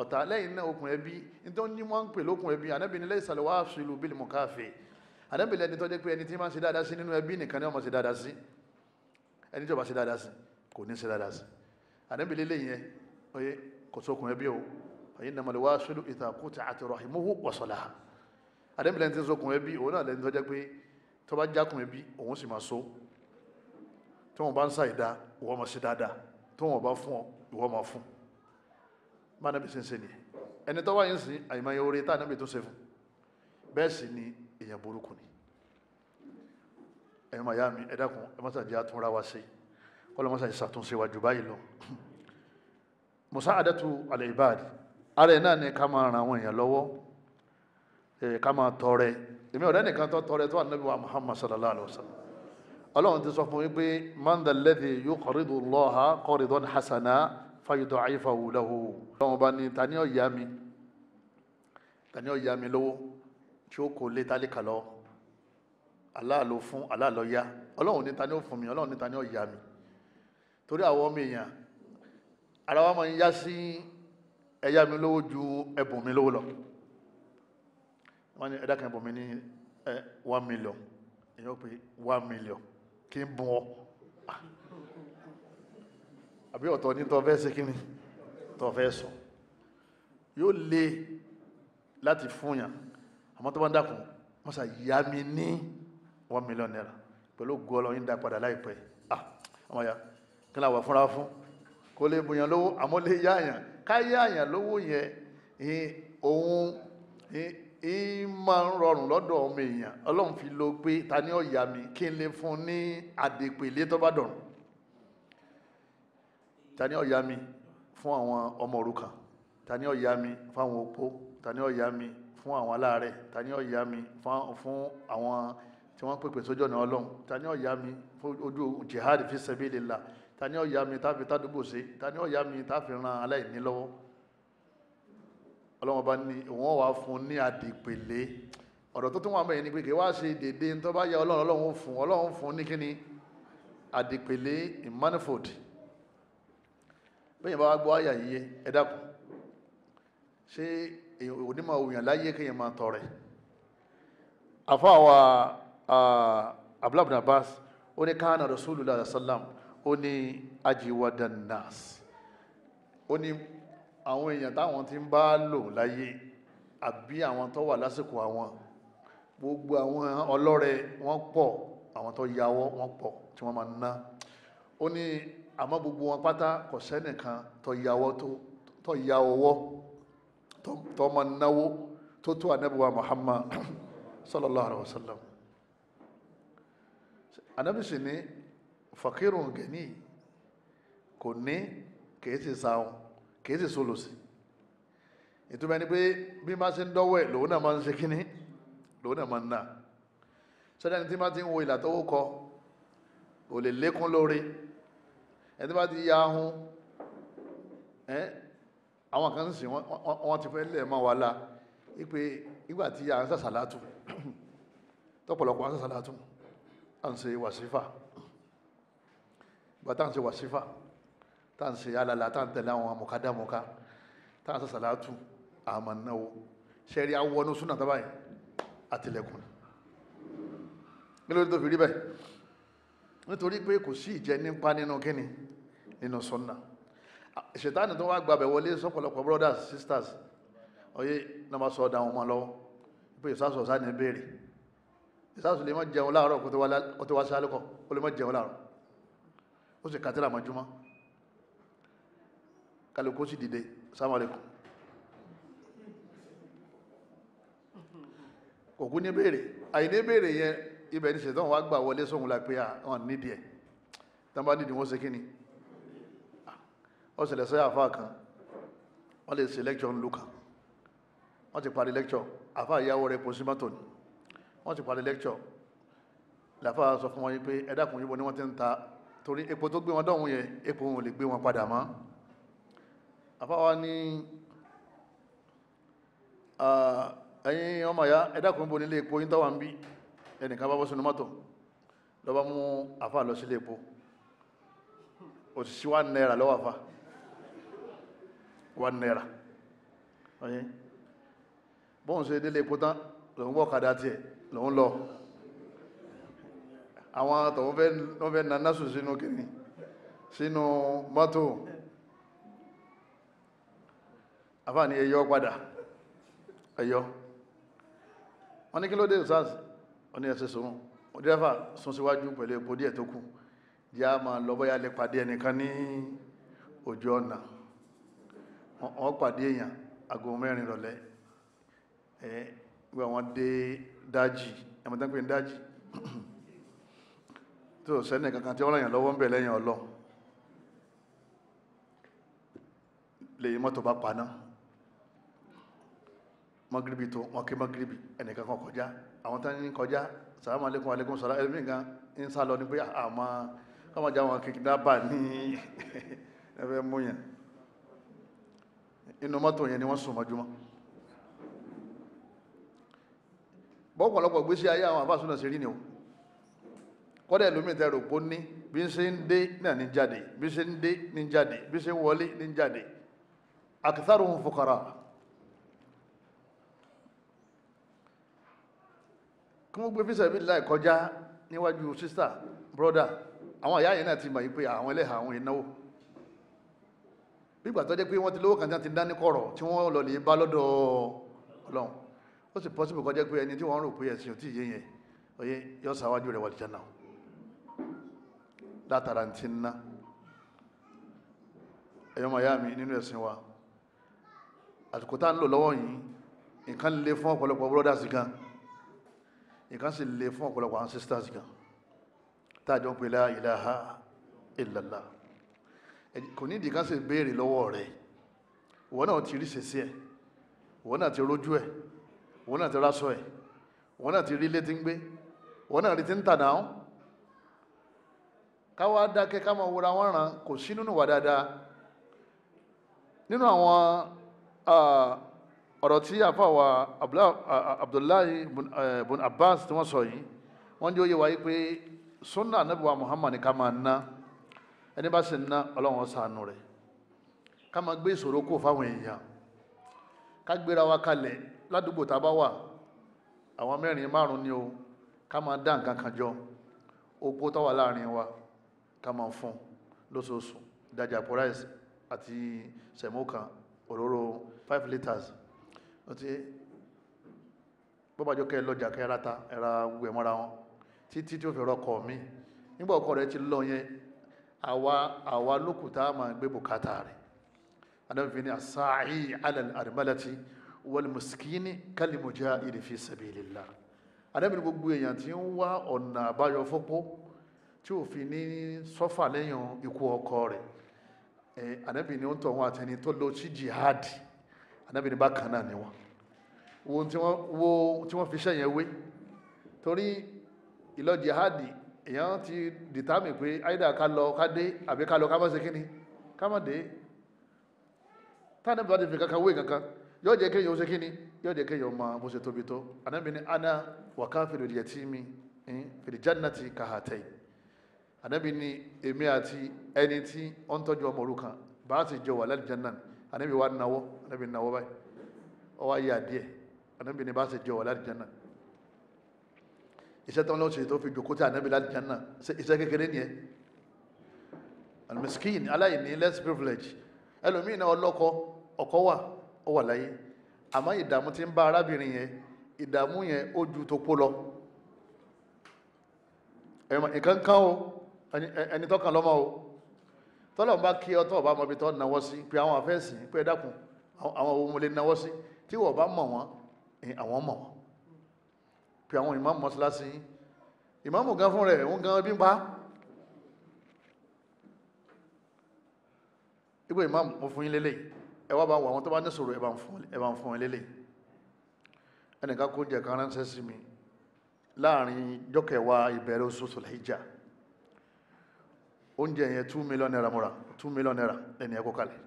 ọ̀tá lẹ́yìn náà okùn ẹbí nítorí ní wọ́n ń pè lókùn ẹbí ànábì ní lẹ́yìn sàlẹ̀ wàá sùlù bílì mọ̀ káàfẹ́ ànábì lẹ́ni tó jẹ́ pé ẹni tí máa ń ṣe dáadáa sí nínú ẹbí nìkan ni wọ́n máa ṣe dáadáa sí ẹni tí ó bá ṣe dáadáa sí kò ní ṣe dáadáa sí ànábì lélẹ̀ yẹn oye kò sókùn ẹbí o oye nàmàlẹ̀ wàá sùlù ìtàkùtà àti rahimuhu wàsọ̀lá ànábì lẹ́ni tí ń sókùn ẹbí òun náà lẹ́ni tó jẹ́ pé tó bá jákùn ẹbí òun sì máa so tí wọ́n bá ń ṣàìdá òun máa ṣe dáadáa tó wọn bá fún ọ ìwọ máa fún bá nàbì ṣe ń ṣe nìyẹn ẹni tó wáyé ń sìn àyìnmáyé oore tá nàbì tó ṣe fún bẹ́ẹ̀ sì ni èèyàn burúkú ni ẹ̀yin màá yá mi ẹ dákun ẹ mọ́sá jẹ́ àtúnra wa ṣe kọ́lọ́ mọ́sá yìí ṣàtúnṣe wa jù báyìí lọ musa'adatu al-ibad ara ẹ̀ náà ni ká máa ran àwọn èèyàn lọ́wọ́ ká máa tọrẹ èmi ọ̀rẹ́ nìkan tó tọrẹ tó ànábì wa Muhammad sallallahu alayhi wa sallam ọlọ́run ti sọ fún yín pé man dhal ladhi yuqridu Allaha qardan hasana fayud'afahu lahu ọlọ́run bá ní tani ó yá mi tani ó yá mi lówó tí ó kò lé tálíkà lọ aláàlọ́ fún aláàlọ́ yá ọlọ́run ní tani ó fún mi ọlọ́run ní tani ó yá mi torí àwọn ọmọ èèyàn ara wa máa ń yá sí ẹ mi lówó ju ẹbùn mi lówó lọ wọ́n ní ẹ̀dá kan ẹbùn mi ní one million èèyàn pé one million kí n bùn ọ àbí ọ̀tọ̀ ní tọ́ fẹ́ ṣe kí ni tọ́ fẹ́ sọ yóò le láti fúnyàn àmọ́ tó bá ń dàkún wọ́n sà yá mi ní one million naira pẹ̀lú gọ́ọ̀lọ́ yín dá padà láìpẹ́ ah ọmọ ya kí ni àwọn fúnra fún kó lè bùyàn lówó àmọ́ lè yá àyàn ká yá lówó yẹn òun ń máa ń rọrùn lọ́dọ̀ ọmọ èèyàn ọlọ́run fi lo pé ta ni ọ̀yà mi kí n lè fún ní àdèpèlé tó bá dọ̀rùn ta ni ọ̀yà mi fún àwọn ọmọ òrukàn ta ni ọ̀yà mi fún àwọn opó ta ni ọ̀yà mi fún àwọn aláàárẹ̀ ta ni ọ̀yà mi fún àwọn tí wọ́n pèpè sójú ọ̀nà ọlọ́run ta ni ọ̀yà mi fún ojú jihad fi sabilillah ta ni ọ̀yà mi tá fi tádùbò ṣe ta ni ọ̀yà mi tá fi ran aláìní lọ́wọ́ ọlọ́wọ́n bá ní wọ́n wá fún ní àdìpèlé ọ̀dọ̀ tó tún wà mẹ́yìn ní pé kí wá ṣe dédé tó bá yẹ ọlọ́run ọlọ́run fún ọlọ́run fún ní kíni àdìpèlé in manifold bẹ́yìn bá wá gbọ́ àyà yíyẹ ẹ dákun ṣé onímọ̀ òyìn láyé kéèyàn máa tọrẹ àfọwà abúlábùnà bas ó ní káànà rasulullah sallam ó ní ajiwadan nas ó ní àwọn èèyàn táwọn ti ń bá lò láyé àbí àwọn tó wà lásìkò àwọn gbogbo àwọn ọlọ́rẹ̀ wọ́n pọ̀ àwọn tó yàwọ́ wọ́n pọ̀ tí wọ́n máa ná ó ní àmọ́ gbogbo wọn pátá kò sẹ́nìkan tó yà owó tó máa náwó tó tó ànábì Muhammad *clears throat* sallallahu alaihi wasallam ànábì sì ní fakirun gani kò ní kìí ti sáwọn kìí sì solo sí ìtumọ̀ ni pé bí máa ṣe ń dọ́wọ́ ẹ̀ lòun náà máa ń ṣe kínní lòun náà máa ń nà sọ́dọ̀ ẹni tí máa ti ń wo ìlà tó kọ ò lè lékún lórí ẹni tí máa ti ya ahun ẹ àwọn kan sì wọ́n ti fẹ́ lẹ̀ máa wà la ipe ìgbà tí à ń sàṣàlátù tọ́pọ̀lọpọ̀ à ń sàṣàlátù à ń ṣe wàsífà bàtà ń ṣe wàsífà tá ń ṣe alala tá ń tẹ̀lé àwọn amọ̀kádàmọ̀ká tá ń ṣe sàlátù àmànáwó ṣẹ́rí awọ́nú súnà tábà yìí àtìlẹ́kùn kí ló dé tó fi rí bẹ́ẹ̀ nítorí pé kò sí ìjẹ nípa nínú kíni nínú súnà ṣètánì tó wá gbàbẹ̀ wọlé sọ́pọ̀lọpọ̀ brothers sisters oyè náà máa sọ ọ̀dà àwọn ọmọ lọ́wọ́ pé ìsásọ̀ ọ̀sá ni béèrè ìsásọ̀ lè má jẹun láàárọ̀ kó tó wá sí alẹ́kọ̀ọ́ ó lè má jẹun láàárọ̀ ó sì kàtẹ́rà mọ́júmọ́ kaloku sì dide assalamu alaikum kò kú ní béèrè àìní béèrè yẹn ibẹ̀ ní ṣètò wá gbà wọlé sóhun la pé àwọn ah, nídìí ẹ̀ tán nídìí wọ́n ṣe kí ni ah, ọ̀sẹ̀lẹ̀ sẹ́yà àfáà kan wọ́n lè ṣe lẹ́kṣọ̀ ń lùkà wọ́n ti parí lẹ́kṣọ̀ àfáà ìyàwó rẹ̀ pọ̀símọ́tò ni wọ́n ti parí lẹ́kṣọ̀ làfáà sọ fún wọn pé ẹ yíbo ni wọ́n ti ń ta torí epo tó gbé wọn dọ̀hún yẹn epo wọn ò lè gbé wọn padà mọ́ àfáwà ní ẹ̀yìn ọmọ ya ẹ̀dàkùn bó nílé epo yíntọ́wà ń bí ẹnìkan bá bọ́ sínú mọ́tò lọ́bá mú àfá lọ sílé epo òṣìṣẹ́ wà náírà lọ́wọ́ àfá wà náírà ọ̀yìn bọ́n ṣe délé epo tán lòun bọ́ kàdá tiẹ̀ lòun lọ àwọn tọ̀wọ́n fẹ́ nana sínú kìnnì sínú mọ́tò àfáàní ẹyọ padà ẹyọ wọ́n ní kí ló dé sars wọ́n ní ẹsẹ̀ sòun òdíráfà sún síwájú pẹ̀lú epo díẹ̀ tó kù yá máa lọ bóyá lè pàdé ẹnìkan ní ojú ọ̀nà wọ́n pàdé èèyàn aago mẹ́rin rọ̀lẹ́ ẹ gbà wọ́n dé dájì ẹ̀mọ́tán pé dájì tí ò kankan tí wọ́n ràn lọ́wọ́ ń bẹ̀ lẹ́yìn ọlọ́run lèyìn mọ́tò bá paná magiribi tó wọn kí magiribi ẹnìkan kan kọjá àwọn tán ní kọjá sàlámù aleykum aleykum sọlá ẹlẹmí nǹkan ń sá lọ ní pé àmọ́ káwọn já wọn kékeré dábà ní *laughs* ẹfẹ mú yẹn inú mọ́tò yẹn ni wọ́n sùn mọ́júmọ́ bọ́pọ̀lọpọ̀ gbésí ayé àwọn àbá súnà sí rí ni o kọ́dẹ̀ lómi tẹrù pó ní bí ń ṣe ń dé náà ní jáde bí ń ṣe ń dé ní jáde bí ń ṣe ń wọlé ní jáde àkìtàrùn fòkàrà kí wọ́n gbé fíṣẹ̀ bí láì kọjá níwájú sísà brọ́dà àwọn ìyá yẹn náà ti mọ̀ yí pé àwọn ẹlẹ́hà àwọn ìnáwó bí ìgbà tó jẹ́ pé wọ́n ti lówó kan tí dání kọ̀rọ̀ tí wọ́n lọ lè bá lọ́dọ̀ ọlọ́run ó sì pọ́sibù kọjá pé ẹni tí wọ́n rò pé ẹ̀sìn ò tí ì yé yẹn oye yọ sáwájú rẹ̀ wàlìjá náà látara ti ń ná ẹ̀yọ́ màá yá mi nínú ẹ̀sìn wa àsìkò tá à ń lò lọ́wọ́ yìí nǹkan lè fún ọ̀pọ̀lọpọ̀ búrọ́dà sí gan-an nǹkan sì le fún ọ̀pọ̀lọpọ̀ àwọn sisters gan táàjọ ń pè lá ilaha illallah kò ní ìdíkan sì béèrè lọ́wọ́ rẹ̀ ìwọ náà ti rí sèse ẹ̀ ìwọ náà ti rójú ẹ̀ ìwọ náà ti rásọ ẹ̀ ìwọ náà ti rí ilé tí ń gbé ìwọ náà rí ti ń tà náà káwá dákẹ́ ká máa wúra wọn ràn kò sí nínú wà dáadáa nínú àwọn ah, ọ̀rọ̀ tí àfàwà abdullahi bun eh, abbas tí wọ́n sọ yìí wọ́n jẹ́ òye wáyé pé sunna anabiwa muhammad ká máa ná ẹni bá sì ná ọlọ́run ṣàánú rẹ̀ ká máa gbé ìṣòro kó fáwọn èèyàn ká gbéra wa kalẹ̀ ládùúgbò tá a bá wà àwọn mẹ́rin márùn-ún ni o ká máa dá nǹkan kan jọ opó tó wà láàrin wa ká máa fún lóṣooṣù ìdajì àpò ráìsì àti sẹ̀mó kan òróró five litres ọtí bọ́bàjọ́ kẹ́ lọ́jà kẹ́ ara ta ẹ̀ra gbogbo ẹ̀mọ́ra wọn títí tí ó fi rọkọ mi nígbà ọkọ rẹ ti lọ yẹn àwa àwa lókùtà máa gbé bùkátà rẹ adáfífi ní asáàyí alẹ́ àdìmọ́lẹ́tì wal muskini kálímùjá ìdìfí sabilillah adáfífi gbogbo èèyàn tí ń wá ọ̀nà àbáyọ fọ́pọ́ tí ò fi ní sọ́fà lẹ́yìn ikú ọkọ rẹ̀ adáfífi ní ó ń tọ̀ wọn àtẹni tó lọ sí jihad anábì ní bákan náà ni wọn wo tí wọ́n fi sẹ́yìn ewé torí ìlọ jihadi èèyàn ti dìtámì pé aida ká lọ ká dé àbí ká lọ ká má ṣe kíni ká má dé táwọn bá ti fi kankan wé kankan yóò jẹ́ kéèyàn ó ṣe kíni yóò jẹ́ kéèyàn máa bó ṣe tóbi tó anábì ní ana wà káfíru yatimi eh, fil jannati kahatayn anábì ní èmi àti ẹni tí ó ń tọ́jú ọmọ òrukàn bá a ti jọ wà láljanna anábì wà náwó anabi nàwọ́ báyìí ọwọ́ ya adìẹ anabi ní bá ṣe jẹ wà láti jẹun náà iṣẹ́ tán lọ́sẹ̀ tó fi jòkó tí anabi láti jẹun ni iṣẹ́ kékeré nìyẹn alimiskin aláìní less privilege ẹlòmíín náà ọlọ́kọ ọkọ wà ó wà láyé àmọ́ ìdààmú ti ń bá arábìnrin yẹn ìdààmú yẹn ó ju tó pó lọ ẹ̀mọ̀ nǹkan kan o ẹni tọ́kàn lọ́mọ o tọ́lọ̀ kí ọtọ̀ ọba ọmọbi tọ́ náwó sí pé àwọn afẹ́sìn pé dákun àwọn owó mo lè náwó sí tí wọ́n bá mọ̀ wọ́n àwọn mọ̀ wọ́n pé àwọn ìmáàmù mọ́sálásí ìmáàmù gan fún rẹ̀ òun gan bí ń pa igbó ìmáàmù mo fún yín lélẹ̀ ẹ wá bá wọ àwọn tó bá ní sòrò ẹ bá ń fún yín lélẹ̀ ẹnìkan kó jẹ kan ránṣẹ́ sí mi láàrin jọ́kẹ̀wá ìbẹ̀rẹ̀ oṣù Sulhijja oúnjẹ yẹn two million naira mọ́ra two million naira ẹni ẹ kó kalẹ̀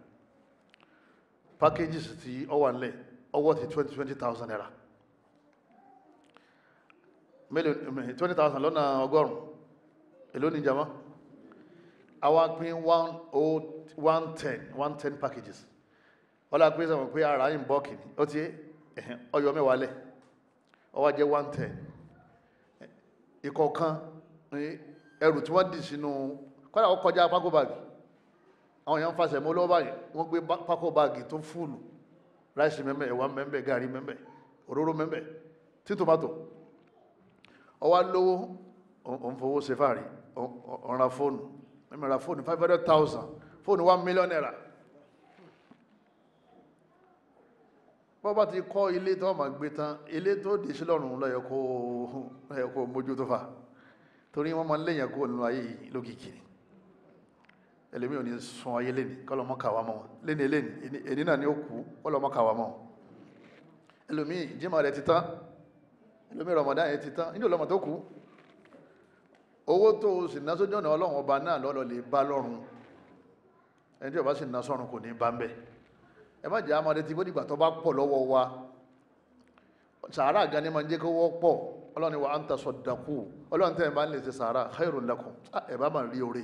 packages ti ọwà nle ọwọ́ ti twenty twenty thousand naira mélòó mm, twenty thousand lọ́nà ọgọ́rùn-ún èló ni jama àwa pín one oh one ten one ten packages wọ́n la pín sọ̀rọ̀ pé ara yìí ń bọ́ ó ti ọyọ mẹ́wàá lẹ̀ ọwọ́ jẹ́ one ten ìkọ̀ọ̀kan ẹrù tí wọ́n dì sínú kọ́dà ó kọjá pákó báàgì àwọn èèyàn ń fàṣẹ mọ́ lọ́wọ́ báyìí wọ́n gbé pákó báàgì tó fúlù ráìsì mẹ́mẹ́ ẹ̀wà mẹ́mẹ́ gàrí mẹ́mẹ́ òróró mẹ́mẹ́ tí tomato ọwá lówó òun fowó ṣe fàárí ọ̀ra fóònù mẹ́mẹ́ra fóònù five hundred thousand fóònù one million naira bọ́ bá ti kọ́ ilé tó máa gbé tán ilé tó dì sí lọ́rùn lọ́yọ̀ kó mójú tó fà torí wọ́n máa ń léyìn kó nínú ayé lókìkiri ẹlẹ́mi ò ní sun ayé lẹ́ni kọ́lọ́mọ́ kàwá mọ́ lẹ́ni lẹ́ni èní náà ni ó kú kọ́lọ́mọ́ kàwá mọ́ ẹlẹ́mi jimá rẹ̀ ti tán ẹlẹ́mi rọmọdá yẹn ti tán nílò lọ́mọ tó kú owó tó o sì ná sójú ọ̀nà ọlọ́run ọba náà lọ́lọ́ lè bá lọ́rùn ẹni tí o sì ná sọ́run kò ní bá ń bẹ̀ ẹ má jẹ́ amọ̀dé tí bódìgbà tó bá pọ̀ lọ́wọ́ wa sàárà gan ni máa ń jẹ́ kó wọ́pọ̀ ọlọ́run wa anta sọ̀dàkù ọlọ́run tẹ́ ẹ bá ń lè ṣe sàárà khairun lakum ah, ẹ bá máa rí oore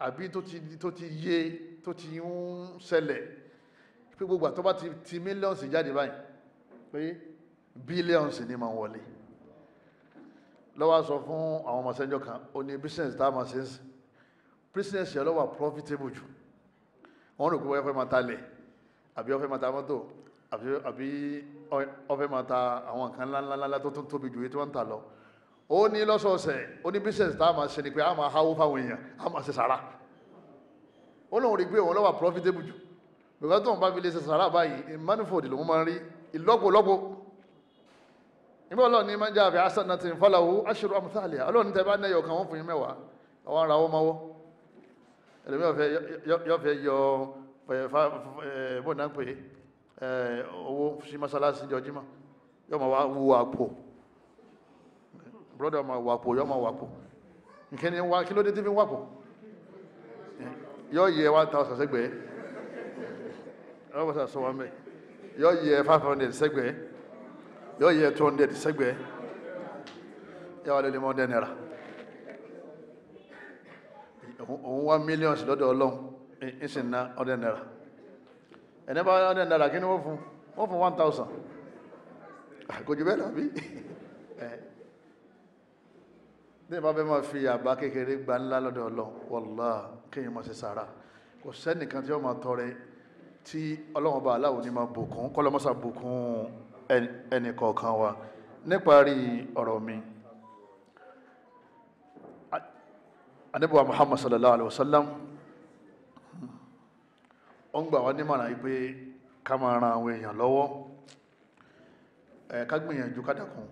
àbí tó ti tó ti yé tó ti ń ṣẹlẹ̀ pé gbogbo àtọ́ bá ti ti mílíọ̀nsì jáde báyìí pé bílíọ̀nsì ni máa wọlé lọ́wọ́ sọ fún àwọn ọmọ sẹ́jọ́ kan ó ní business tá a máa ṣe ń sìn business yẹn lọ́wọ́ profitable jù wọ́n rò pé wọ́n fẹ́ máa ta lẹ̀ àbí wọ́n fẹ́ máa ta mọ́tò àbí wọ́n fẹ́ máa ta àwọn nǹkan ńláńlá tó tún tóbi jù tí wọ́n ń ta lọ ó ní lọ́sọ̀ọ̀sẹ̀ ó t'a business tá a máa ṣe ni pé a máa háwó fáwọn èèyàn a máa ṣe sàrà ó lóun rí pé òun lọ́wọ́ profitable jù bẹ̀rẹ̀ tó ń bá fi lè ṣe sàrà báyìí manifold lòun máa ń rí ìlọ́pọ̀lọ́pọ̀ nígbà ọlọ́run ní máa ń jẹ́ àbẹ̀ asan náà ti ń fọ́lá owó aṣèrò tẹ bá kan wọ́n fún yín mẹ́wàá àwọn ara wọn máwọ́ brother ọmọ wàpò yọ wapo nke ni wa kí ló dé tí fi ń wàpò yọ yẹ one thousand segbe ọmọ sà ye wọn segbe yọ yẹ five hundred sẹgbẹẹ yọ yẹ two hundred sẹgbẹẹ yà wà lórí mọ́ndé náírà òun wá millions lọ́dọ̀ ọlọ́run ń sì ná ọ̀dẹ̀ náírà ẹ̀nẹ́ bá ọ̀dẹ̀ náírà kí ni one thousand tí ìbá bẹ́ẹ̀ máa fi àbá kékeré gba ńlá lọ́dọ̀ ọlọ́run wọ́lá kéèyàn máa ṣe sàrà kò sẹ́nìkan tí ó máa tọrẹ tí ọlọ́run bá aláwo ní máa bùkún kọ́lọ́ mọ́sà bùkún ẹnì kọ̀ọ̀kan wa níparí ọ̀rọ̀ mi anabuwa muhammad sallallahu alaihi wasallam ó ń gbà wá nímọ̀ràn yìí pé ká máa ran àwọn èèyàn lọ́wọ́ ká gbìyànjú kádàkùn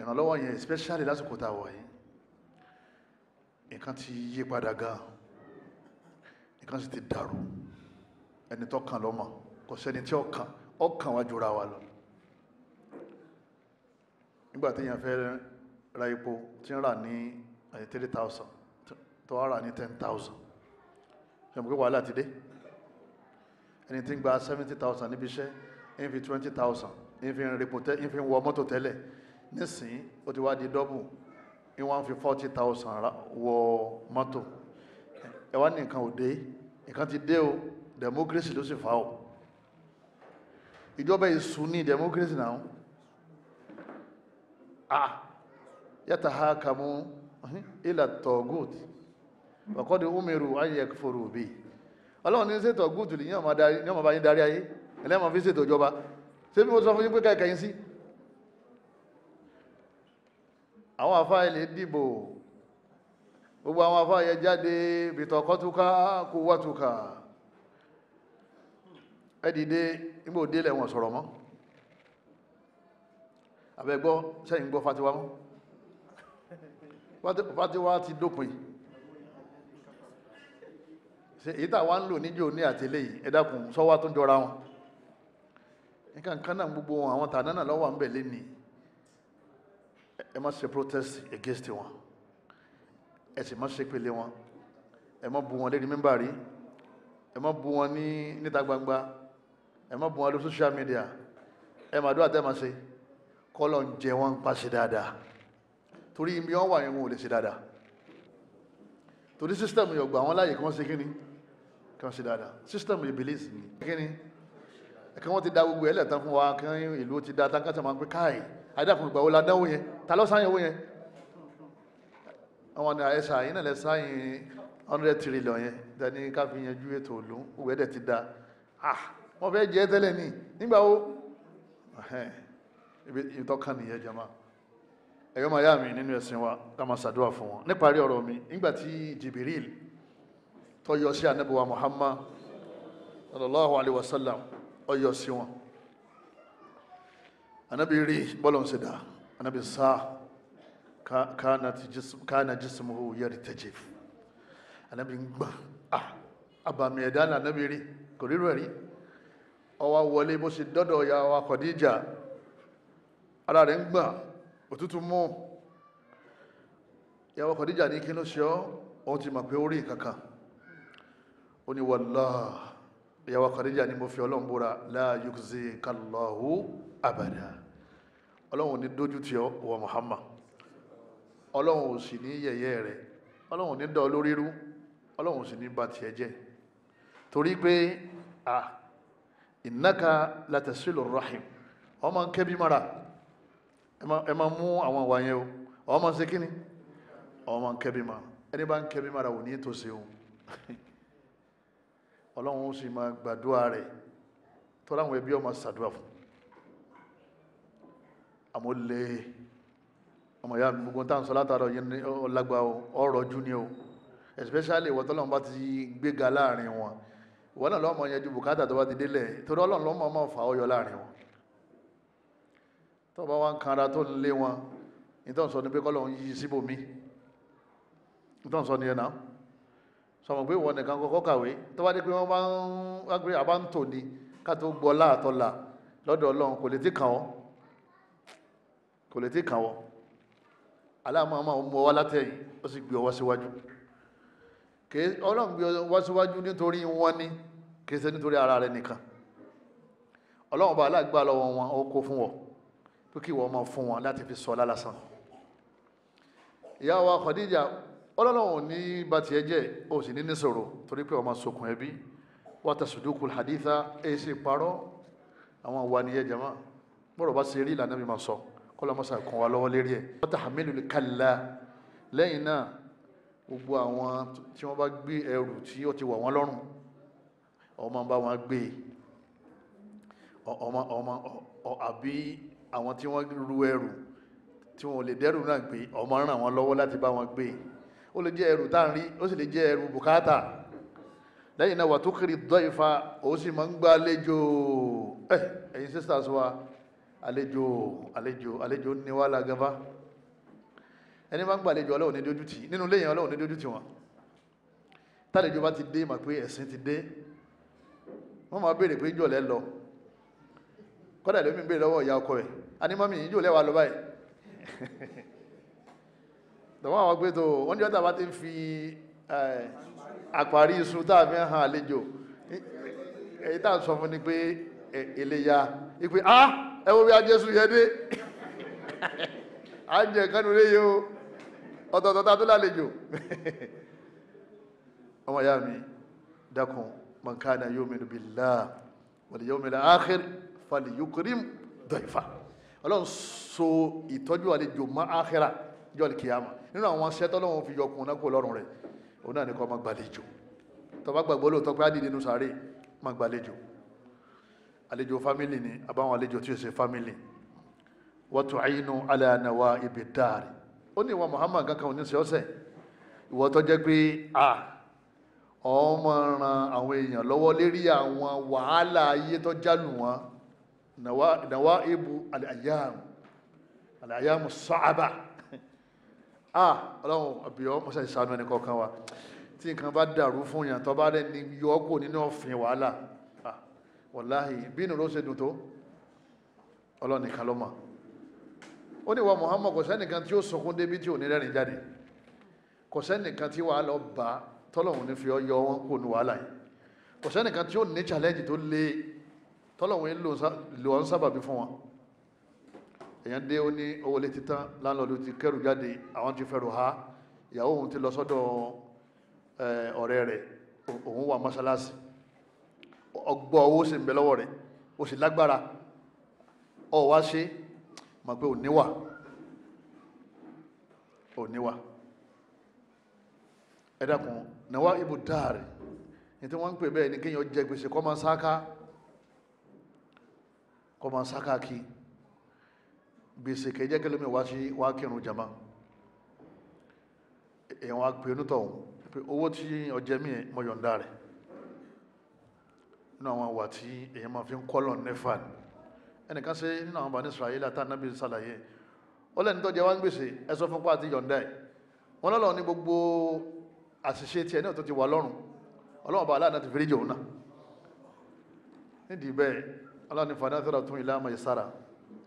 ìrànlọ́wọ́ yẹn especially lásìkò tá a wà yìí nǹkan ti yí padà gan nǹkan sì ti dàrú ẹni tó kàn lọ́mọ kò sẹ́ni tí ó kàn ó kàn wá jura wa lọ nígbà tí èèyàn fẹ́ ra epo tí ń rà ní eh, three thousand tó wá rà ní ten thousand ṣàmùkú pé wàhálà ti dé ẹni tí ń gba seventy thousand níbi iṣẹ́ ń fi twenty thousand ń fi ń repo ń fi ń wọ mọ́tò tẹ́lẹ̀ nísìnyí ó ti wá di double ní wọ́n fi forty thousand wọ mọ́tò ẹ wá ní nǹkan ò dé nǹkan ti dé o democracy ló sì fa o ìjọba ìsún ní democracy náà ah yàtà ha kàmú ilà tọ̀gùt ọ̀kọ́dé umeru ayẹ fòrò bí ọlọ́run ní ṣètò gùtù ní ọmọ bá yín darí ayé ẹlẹ́mọ̀ fi ṣètò ìjọba ṣé bí mo sọ fún yín pé káyìí kẹyìn sí àwọn àfáà ilẹ̀ dìbò gbogbo àwọn àfáà yẹ jáde bìtọ̀kọ́túká kó wátúká ẹ dìde nígbò délẹ̀ wọn sọ̀rọ̀ mọ́ àbẹ̀gbọ́ sẹ́yìn gbọ́ fatiwa mọ́ fatiwa ti dópin èyí tá wa ń lò níjó ní àtẹlẹ́ yìí ẹ dákun sọ́wọ́ tó jọra wọn nǹkan kan gbogbo àwọn tàdánà lọ́wọ́ ń bẹ̀ lé nìyí ẹ má ṣe protest against wọn ẹ sì má ṣe pẹ̀lẹ́ wọn ẹ má bu wọn lẹ́ni mẹ́mbà rí ẹ má bu wọn ní níta gbangba ẹ má bu wọn lórí social media ẹ má dúró àtẹ́mà ṣe kọ́lọ̀ ń jẹ wọn ń pa ṣe dáadáa torí ibi wọn wà yẹn wọn ò lè ṣe dáadáa torí system yóò gbà wọn láàyè kí wọ́n ṣe kí ni kí wọ́n ṣe dáadáa system yóò believe ni kí ni ẹ̀ka wọn ti da gbogbo ẹ̀ lẹ́ẹ̀tàn fún wa kí ìlú ti da tán ká sọ ma káyìí àdàkùn ìgbà wo la dánwò yẹn ta ló sáyẹn owó yẹn àwọn ọ̀nà ẹ̀ṣà yìí náà lẹ sáyẹn hundred trillion yẹn dání ká fi yanjú ètò òlu òwe dẹ̀ ti da ah wọ́n fẹ́ jẹ́ tẹ́lẹ̀ ní nígbà wo ibi tó kàn nìyẹn jama ẹ̀yọ́ máa yá mi nínú ẹ̀sìn wa ká máa ṣàdúrà fún wọn níparí ọ̀rọ̀ mi nígbà tí Jibril tó yọ sí anábìwá Muhammad sallallahu alayhi wa sallam ó yọ sí wọn anabi rí bọ́lọ̀ ń ṣe dá anabi sá kánà jismuhu yartajif anabi ń gbà àbàmì ẹ̀dá náà anabi rí kò rírò ẹ̀rí ọwọ́ wọlé bó ṣe dọ́dọ̀ ya wa Khadija ara rẹ̀ ń gbà òtútù mú ya wa Khadija ní kí ló ṣe ọ́ ọ́n ti mọ̀ pé ó rí kankan ó ní ya wa Khadija ní mo fi Ọlọ́run búra la yukzikallahu abada ọlọ́run ò ní dójú tì ọ́ wọ Muhammad ọlọ́run ò sì ní yẹ̀yẹ́ rẹ̀ ọlọ́run ò ní dán lórí rú ọlọ́run ò sì ní bà tiẹ̀ jẹ́ torí pé à ìnáka latasilu rahim ọmọ nkẹ́bí mara ẹ máa mú àwọn àwa yẹn o ọmọ ṣe kíni ọmọ nkẹ́bí mara ẹni bá nkẹ́bí mara ò ní tòṣe o *laughs* ọlọ́run ó sì máa gbàdúrà rẹ̀ tọ́lá àwọn ẹbí ọmọ ṣàdúrà fún àmọ́ lè ọmọ ìyá gbogbo tá à ń sọ látàrọ yẹn ní ọlágbà ọrọ̀ jù ni o especially ìwọ tọ́lọ́run bá ti gbéga láàrin wọn ìwọ náà lọ́mọ yẹn ju bùkátà tó bá ti délẹ̀ torí ọlọ́run lọ́mọ máa fà ọ́ yọ láàrin wọn tó bá wá ń kanra tó ń lé wọn nítorí sọ ni pé kọ́lọ́run yí síbòmí nítorí sọ ni ẹ̀ náà sọmọ pé wọn nìkan kọ́kọ́ kàwé tó bá dé pé wọ́n bá ń wá àbá ń tò ní ká tó gbọ́ láàtọ́là kò lè tí kàn wọ aláàmọ́mọ́ mú ọwá látẹ̀yìn ó sì gbé ọwá síwájú ọlọ́run gbé ọwá síwájú nítorí wọn ni kìí ṣe nítorí ara rẹ nìkan ọlọ́run bá aláàgbà lọ́wọ́ wọn ó kó fún wọn pé kí wọ́n máa fún wọn láti fi sọ lálásán ìyá wa Khadija ọlọ́run ní bá tiẹ̀ jẹ́ ó sì ní níṣòro torí pé ọmọ sokùn ẹbí wọ́n ta sùdúkù haditha èsì parọ́ àwọn àwa nìyẹn jama mọ̀rọ̀ bá ṣe rí ìlànà mi máa sọ kọlọmọsà kan wà lọ́wọ́ lérí ẹ̀ wọ́n ta hamilu kalla lẹ́yìn náà gbogbo àwọn tí wọ́n bá gbé ẹrù tí ó ti wà wọ́n lọ́rùn ọmọ bá wọn gbé ọmọ ọmọ àbí àwọn tí wọ́n ru ẹrù tí wọ́n lè dẹ́rù náà gbé ọmọ ràn wọ́n lọ́wọ́ láti bá wọn gbé ó lè jẹ́ ẹrù tá rí ó sì lè jẹ́ ẹrù bùkátà lẹ́yìn náà wà tó kiri dọ́ ìfa ó sì máa ń gbá àlejò ẹ̀yin sisters wa àlejò àlejò àlejò ní wàhálà gaba ẹni máa ń gbàlejò ọlọ́run ní dójú tì nínú ilé yẹn ọlọ́run ní dójú tì wọ́n tálejò bá ti dé mà pé ẹ̀sìn ti dé wọ́n máa béèrè pé ìjọ lẹ́ lọ kọ́dà ló mi béèrè lọ́wọ́ ìyá ọkọ rẹ̀ anímọ́mí ìjọ lẹ́wà lọ báyìí tọ́wọ́ *laughs* àwọn pé tó wọ́n ní ọ̀tá bá ti ń fi àparí iṣu tá a fi ń han àlejò èyí tá a sọ fún ni pé eléyà ipe ah ẹ wo bí ajẹ́sù yẹ dé à ń jẹ kánú léyìí o ọ̀tọ̀ọ̀tọ̀ ta tó lálejò *laughs* ọmọ ìyá mi dákun man kana yu'minu billahi wal yawmil akhir falyukrim dayfa ọlọ́run so ìtọ́jú àlejò mọ́ àkhírà jọ́ kìyàmà nínú àwọn sẹ́tọ́ lọ́wọ́ fi yọkùn náà kó lọ́rùn rẹ̀ òun náà ní kọ́ máa gbàlejò tó gbàgbọ́ lóòótọ́ pé nínú sàárè máa gbàlejò àlejò fámìlì ni àbáwọn àlejò tí ó ṣe fámìlì wa tu'inu ala nawa'ibi dari ó ní ìwọ Muhammad kankan ò ní ṣe ọ́sẹ̀ ìwọ tó jẹ́ pé a ọmọ ran àwọn èèyàn lọ́wọ́ lérí àwọn wàhálà ayé tó jálù wọn nawaibu al-ayyam al-ayyam as-sa'aba a ọlọ́run àbíọ́ mọ́sá ìsànú ẹnì kọ̀ọ̀kan wa tí nǹkan bá dàrú fún yàn tó rẹ̀ ní yọ ọ́ kò nínú ọ̀fìn wàhálà wàláhì bí nìró ṣe dùn tó ọlọ́nìkan ó ní wa Muhammad kò sẹ́nìkan tí ó sunkún débi tí ò ní rẹ́rìn jáde kò sẹ́nìkan tí wàá lọ bá tọ́lọ̀hún ní fi ọ yọ wọn kò nu wàhálà yìí kò sẹ́nìkan tí ó ní challenge tó le tọ́lọ̀hún yìí lò ọ́n sábàbí fún wọn èèyàn dé ó ní owó lè ti tán láńlọ́ọ̀dù ti kẹ́rù jáde àwọn ti fẹ́rù ha ìyàwó òun ti lọ sọ́dọ̀ ọ̀rẹ́ rẹ̀ òun wà mọ́ṣáláṣí ọgbọ́ owó sì ń bẹ lọ́wọ́ rẹ̀ o sì lágbára ọ wá ṣe mọ̀ pé ò níwà ò níwà ẹ dákun náwó ibù dáàrẹ̀ ní tí wọ́n ń pè bẹ́ẹ̀ ni kéèyàn jẹ gbèsè kọ́ máa sáká kọ́ máa sáká kí gbèsè kẹjẹ kẹlẹ́mi wá sí wá kírun jama èèyàn wá pè onítọ̀hún pé owó tí ọjẹ́ mi mọ̀ rẹ̀ nínú àwọn àwà tí èèyàn máa fi ń kọ́lọ̀ nẹ́fà ni ẹnìkan ṣe nínú àwọn bani israẹli àti anabi ṣàlàyé ó lẹ́ni tó jẹ wá ń gbèsè ẹ sọ fún pa àti yọ̀ǹda ẹ̀ wọn lọ́lọ́ ní gbogbo àṣìṣe tiẹ̀ náà tó ti wà lọ́rùn ọlọ́run bá aláàánú ti fi ríjì òun náà nídìí bẹ́ẹ̀ aláàánú fàdá tẹ́lá tún ilé àmọ́ ìsára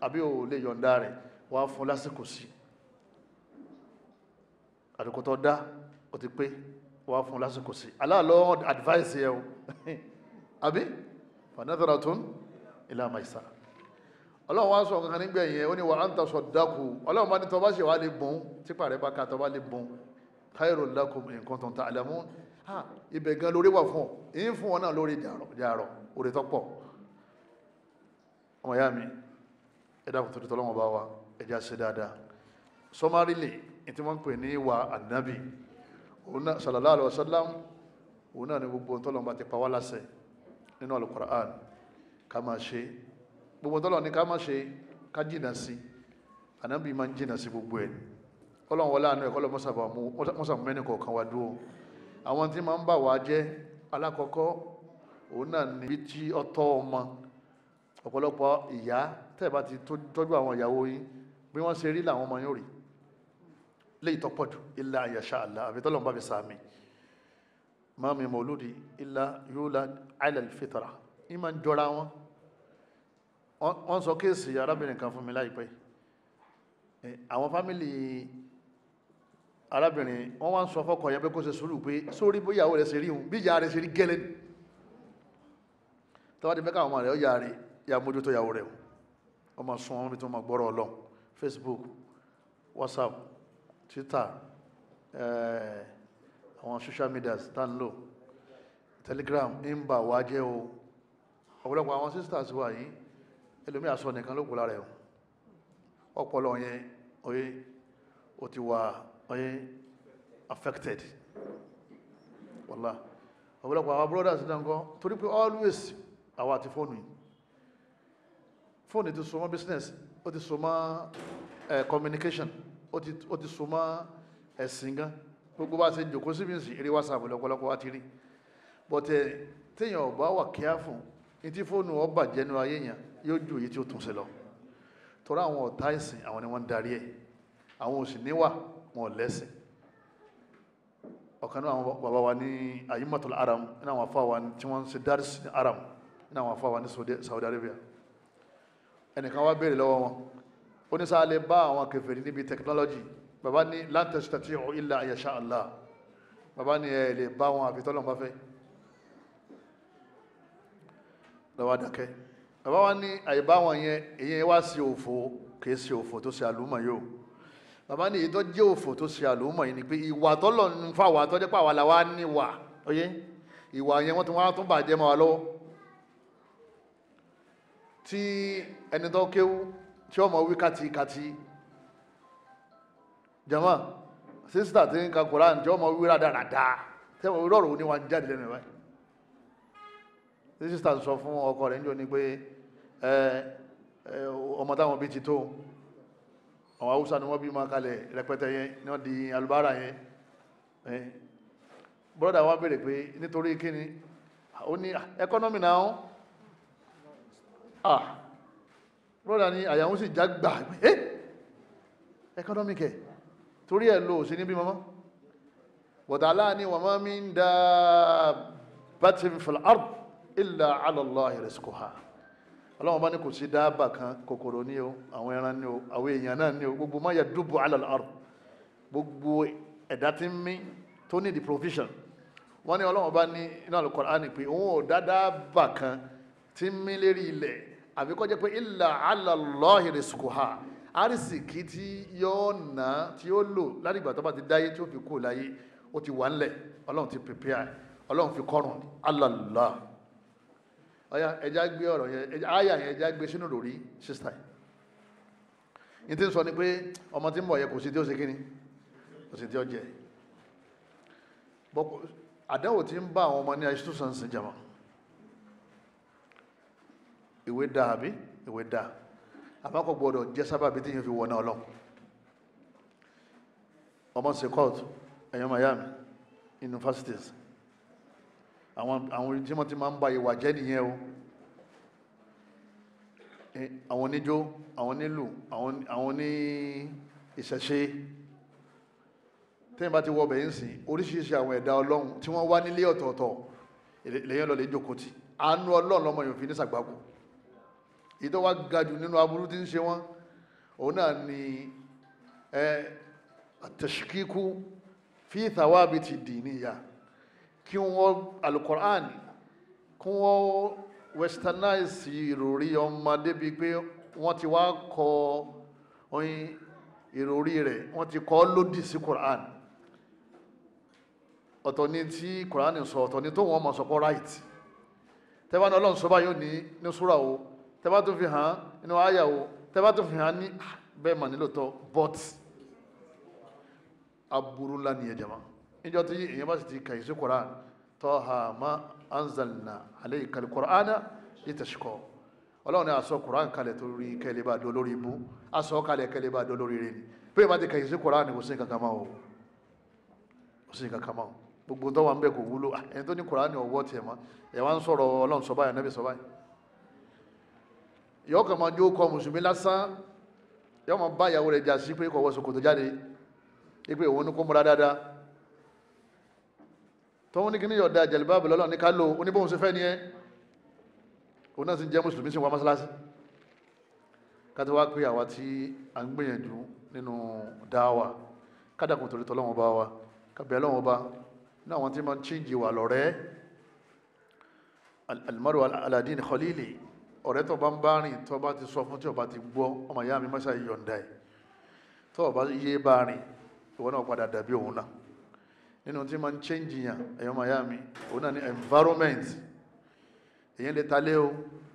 àbí ò lè yọ̀ǹda rẹ̀ wá fún lásìkò sí àdìkò dá ó ti pé wá fún lásìkò sí aláàlọ́ advice yẹ o *laughs* àbí fanadaratun ila maisara ọlọ́run wá sọ kankan nígbà yẹn ó ní wa anta saddaku ọlọ́run bá ní tọ́ bá ṣe wá lè bùn típa rẹ̀ bá ka tọ́ bá lè bùn khairul lakum in kuntum ta'lamun ha ibẹ̀ gan lórí wà fún ọ èyí fún ọ náà lórí jàrọ̀ òde tó pọ̀ ọmọ ìyá mi ẹ̀dá kò tuntun tọ́lọ́wọ́n bá wa ẹ̀já ṣe dáadáa sọmárìlì tí wọ́n pè ní wa ànábì sallallahu alaihi wasallam òun náà ni gbogbo tọ́lọ́wọ́n bá ti pa wá láṣẹ nínú alukur'an ká máa ṣe gbogbo tọ́lọ̀ ní ká máa ṣe ká jìnà sí anábì máa ń jìnà sí gbogbo ẹ̀ ọlọ́run wọlé àánú ẹ̀kọ́ lọ́mọ́sàbà mẹ́ni kọ̀ọ̀kan wá dúró àwọn tí máa ń bà wá jẹ́ alákọ̀ọ́kọ́ òun náà níbi tí ọtọ́ ọmọ ọ̀pọ̀lọpọ̀ ìyá tẹ́ẹ̀bá ti tọ́jú àwọn ìyàwó yín bí wọ́n ṣe rí làwọn ọmọ yóò rí léyìí tọ́pọ̀ jù ilé àyàṣà àlá àbítọ́lọ́mbà fi sàmì ma min mawludi illa yulad ala al-fitra ní ma ń jọra wọn wọ́n sọ kéèsì arábìnrin kan fún mi láìpẹ́ àwọn fámìlì arábìnrin wọ́n wá ń sọ fọ́kọ̀ yẹn pé kó ṣe sùúrù pé sórí bóyàwó rẹ̀ ṣe rí hun bí ìyá rẹ̀ ṣe rí gẹ́lẹ́ ni tọ́wọ́ ti fẹ́ káwọn ọmọ rẹ̀ ọ̀yà rẹ̀ ya mójútó ìyàwó rẹ̀ ọmọ sun ọmọ tó mọ gbọ́rọ̀ ọlọ́run Facebook WhatsApp Twitter ẹ̀ẹ́ àwọn social media stand low telegram ń wa wá jẹ́ o ọ̀pọ̀lọpọ̀ àwọn sisters wà yìí ẹlòmí àsọ nìkan ló kù lára ẹ̀ ọpọlọ yẹn oyé ó ti wà oyé affected wọ́lá ọ̀pọ̀lọpọ̀ àwọn brothers náà kọ́ torí pé always àwa àti fóònù yìí fóònù ti so mọ́ business o ti so mọ́ eh, communication o ti so mọ́ ẹ̀sìn gan gbogbo bá ṣe jòkó síbi ń sìn eré whatsapp lọ́pọ̀lọpọ̀ wá ti rí bọ́tẹ̀ eh, téèyàn ò bá wà kíá fún ní tí fóònù ọba jẹnu ayé yẹn yóò ju èyí tí ó tún ṣe lọ tọ́ra àwọn ọ̀tá ìsìn àwọn ni wọ́n ń darí ẹ̀ àwọn òsì níwà wọn ò lẹ́sìn ọ̀kan náà àwọn bàbá wa ní ayimatul aram ní àwọn afọ wa tí wọ́n ń ṣe dárí sí aram ní àwọn afọ wa ní Saudi Arabia ẹnìkan wá béèrè lọ́wọ́ wọn ó ní sáà lè bá àwọn kèfèrí níbi technology bàbá ní látẹ̀sítẹ̀tì ìlà àyàṣà àlá bàbá ní ẹ lè bá wọn àfi tọ́lọ́n bá fẹ́ lọ́wọ́ dákẹ́ bàbá wa ní àyèbá wọn yẹn èyí wá sí òfò kì í sí òfò tó ṣe àlùmọ̀ yóò bàbá ní èyí tó jẹ́ òfò tó ṣe àlùmọ̀ yìí ni pé ìwà tọ́lọ̀ ń fà wá tọ́jọ́ pàwọ́ là wá níwà oyé ìwà yẹn wọ́n ti wá tún bàjẹ́ mọ́ wa lọ́wọ́ tí ẹni tó kéwú tí ọmọ wí kàtìkàtì jama sísítà tí ń ka koran tí ọmọ wíra dáradára tẹ́wọ̀n rọrùn ní wọn jáde lẹ́nu ẹ̀ sísítà sọ fún ọkọ rẹ̀ níjọ́ ni pé ọmọ táwọn bí ti tó àwọn haúsá ni wọ́n bí máa kalẹ̀ rẹpẹtẹ yẹn ni wọ́n di alubára yẹn brọ́dà wa béèrè pé nítorí kíni ó ní ẹkọ́nọ́mì náà ah, ah brọ́dà ni àyàwó sì já gbà pé ẹ́ ẹkọ́nọ́mì torí ẹ̀ lò ó sí níbí mọ́mọ́ wọ̀dàlá ni wa ma min dabbatin fil ard illa ala Allahi rizquha ọlọ́wọ́n bá ní kò sí dáàbà kan kòkòrò ní o àwọn ẹran ní o àwọn èèyàn náà ní o gbogbo má yẹ dúbò ala al-ard gbogbo ẹ̀dá tí ń mí tó ní the provision wọ́n ní ọlọ́wọ́n bá ní iná al-Qur'ani pé òun ò dá dáàbà kan tí ń mí lérí ilẹ̀ àbíkọ́jẹ́ pé illa ala Allahi arísìkí tí yóò ná tí yóò lò ládìgbà tó bá ti dáyé tí ó fi kú láyé ó ti wà ńlẹ̀ ọlọ́run ti prepare ọlọ́run fi kọ́rùn alàlá ọya ẹja gbé ọ̀rọ̀ yẹn àyà yẹn ẹja gbé sínú lórí sísá yìí ní tí ń sọ ni pé ọmọ tí ń bọ̀ yẹ kò sí tí ó ṣe kí ni kò sí tí ó jẹ àdáwò tí ń bá àwọn ọmọ ní àìsítúsàn sí ìwé dáa ìwé dáa àbákọ̀ gbọ́dọ̀ jẹ́ sábàbí tí yóò fi wọná ọlọ́ ọmọ sí court ẹ̀yọ́ miami universities àwọn tí wọ́n ti máa ń ba ìwà jẹ́ nìyẹn o àwọn oníjó àwọn onílù àwọn oní ìṣẹ̀ṣe tẹ́yìn bá ti wọ ọbẹ̀ yín sìn oríṣiríṣi àwọn ẹ̀dá ọlọ́run tí wọ́n wá nílé ọ̀tọ̀ọ̀tọ̀ lẹ́yìn ọlọ́lẹ̀ jókòó tì àánú ọlọ́run lọ́mọ yòófin ní sàgbàgbọ́ ìtọ́ wá ga jù nínú aburú tí ń ṣe wọ́n òun náà ni ẹ àtẹ̀síkíkú fi thawabi ti dì níyà kí wọ́n alukoran kí wọ́n westernize ìròrí ọmọdé bíi pé wọ́n ti wá kọ oyin ìròrí rẹ̀ wọ́n ti kọ́ lòdì sí koran ọ̀tọ̀ ni tí koran sọ ọ̀tọ̀ ni tó wọ́n mọ̀ sọ́kọ́ right tẹ́wọ́n ọlọ́run sọ báyìí ní súra o tẹ́bá tó fi hàn inú àyàwó tẹ́bá tó fi hàn ní bẹ́ẹ̀ mà nílò tọ́ but aburú ńlá nìyẹn jama níjọ́ tí èèyàn bá sì ti kàyí sí koran tọ́ha ma anzalna alayka al-Qur'ana litashqa ọlọ́run ni aṣọ koran kalẹ̀ tó rí kẹlẹ́ bá dó lórí ibú aṣọ kalẹ̀ kẹlẹ́ bá dó lórí rẹ̀ ni bẹ́ẹ̀ bá ti kàyí sí koran kò sí nǹkan kò sí nǹkan kan máa o gbogbo tó wà ń bẹ kò wúlò ah, ẹni tó ní koran ni ọwọ́ tiẹ̀ mọ́ ẹ̀ wá ń sọ̀rọ̀ ọlọ́run sọ báyìí sọ báyìí yọ kàn máa jó kọ mùsùlùmí lásán yọ máa bá ìyàwó rẹ̀ jà sí pé kò wọ ṣòkòtò jáde ipe òun ní kó múra dáadáa tọ́wọ́n ní kí ní yọ̀dá jẹ̀lẹ́bàbù lọ́lọ́ ní ká lò oníbòhùn sí fẹ́ ni ẹ́ òun náà sì jẹ́ mùsùlùmí sí wa mọ́sálásí káti wá pé àwa tí a ń gbìyànjú nínú dáwà kádàkùn torí tọ́lọ́wọ́n bá wa kábẹ́ lọ́wọ́n bá ní àwọn tí máa ń chíǹjì lọ́rẹ́ almaru aladini khalili ọ̀rẹ́ tó bá ń bá rìn tó ti sọ fún tí ọba ti gbọ́ ọmọ ìyá mi mọ́ṣáà yọ̀ǹda ẹ̀ tó o yé bá rìn ìwọ náà padà dàbí òun náà nínú tí máa ń o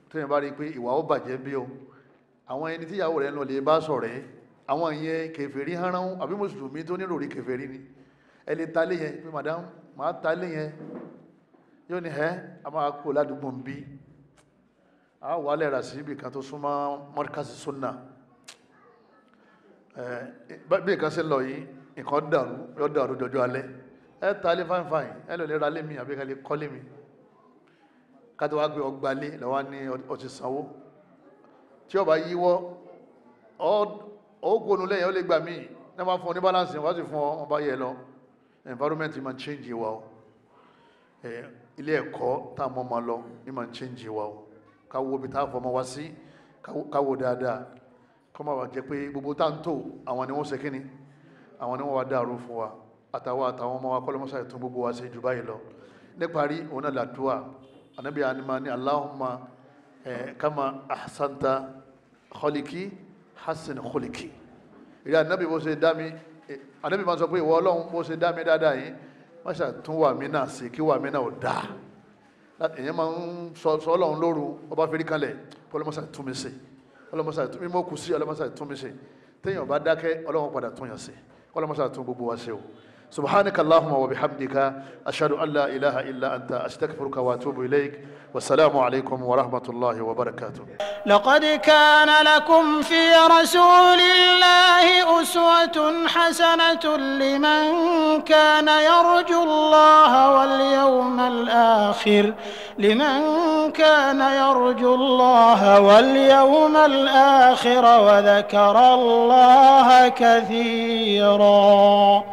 tó yẹn bá rí i pé ìwà o àwọn ẹni rẹ̀ ń lọ lè bá àwọn ìyẹn àbí mùsùlùmí tó nílò rí ni ẹ lè ta lé yẹn madam màá ta lé yẹn yóò ní a máa kó ládùúgbò ń a wà lẹ́ra sí ibi kan tó súnmọ́ mọ́ríkàsì súnà bí nǹkan ṣe lọ yìí nǹkan dàrú yọ dàrú jọjọ alẹ́ ẹ ta lé fáìfáì ẹ lọ lè ra lé mi àbí ká lè kọ́ lé mi kátó wá gbé ọgbà lé lọ́wọ́ ní ọtí sanwó tí ọba yíwọ́ ọgọ́nu lẹ́yìn ó lè gbà míì náà máa fún ọ ní balance wá sí fún ọ ọba yẹ lọ environment máa change wa o ilé ẹ̀kọ́ tá a mọ́ máa lọ ní máa change wa o káwo bí táà fọmọ wá sí káwo dáadáa kọ́ máa wà jẹ́ pé gbogbo tá à ń tò àwọn ni wọ́n ṣe kíni àwọn ni wọ́n wá dàrú fún wa àtàwọn àtàwọn ọmọ wa kọ́lọ́mọ́sá ìtún gbogbo wa ṣe jù báyìí lọ níparí òun náà làdúà ànábì ànímá ní Allahumma kama ahsanta kholiki hasan kholiki ìrẹ́ ànábì bó ṣe dá mi ànábì máa sọ pé ìwọ ọlọ́run bó ṣe dá mi dáadáa yìí má ṣàtún náà sí kí wà náà dáa èèyàn máa ń sọ Ọlọ́run lóru ọba fèrè kalẹ̀ ọlọ́mọṣà tún mi ṣe ọlọ́mọṣà tún mi mọ́ kù sí ọlọ́mọṣà tún mi ṣe téèyàn bá dákẹ́ Ọlọ́run padà tún yàn ṣe ọlọ́mọṣà tún gbogbo wa ṣe o سبحانك اللهم وبحمدك أشهد أن لا إله إلا أنت أستغفرك وأتوب إليك والسلام عليكم ورحمة الله وبركاته لقد كان لكم في رسول الله أسوة حسنة لمن كان يرجو الله واليوم الآخر لمن كان يرجو الله واليوم الآخر وذكر الله كثيرا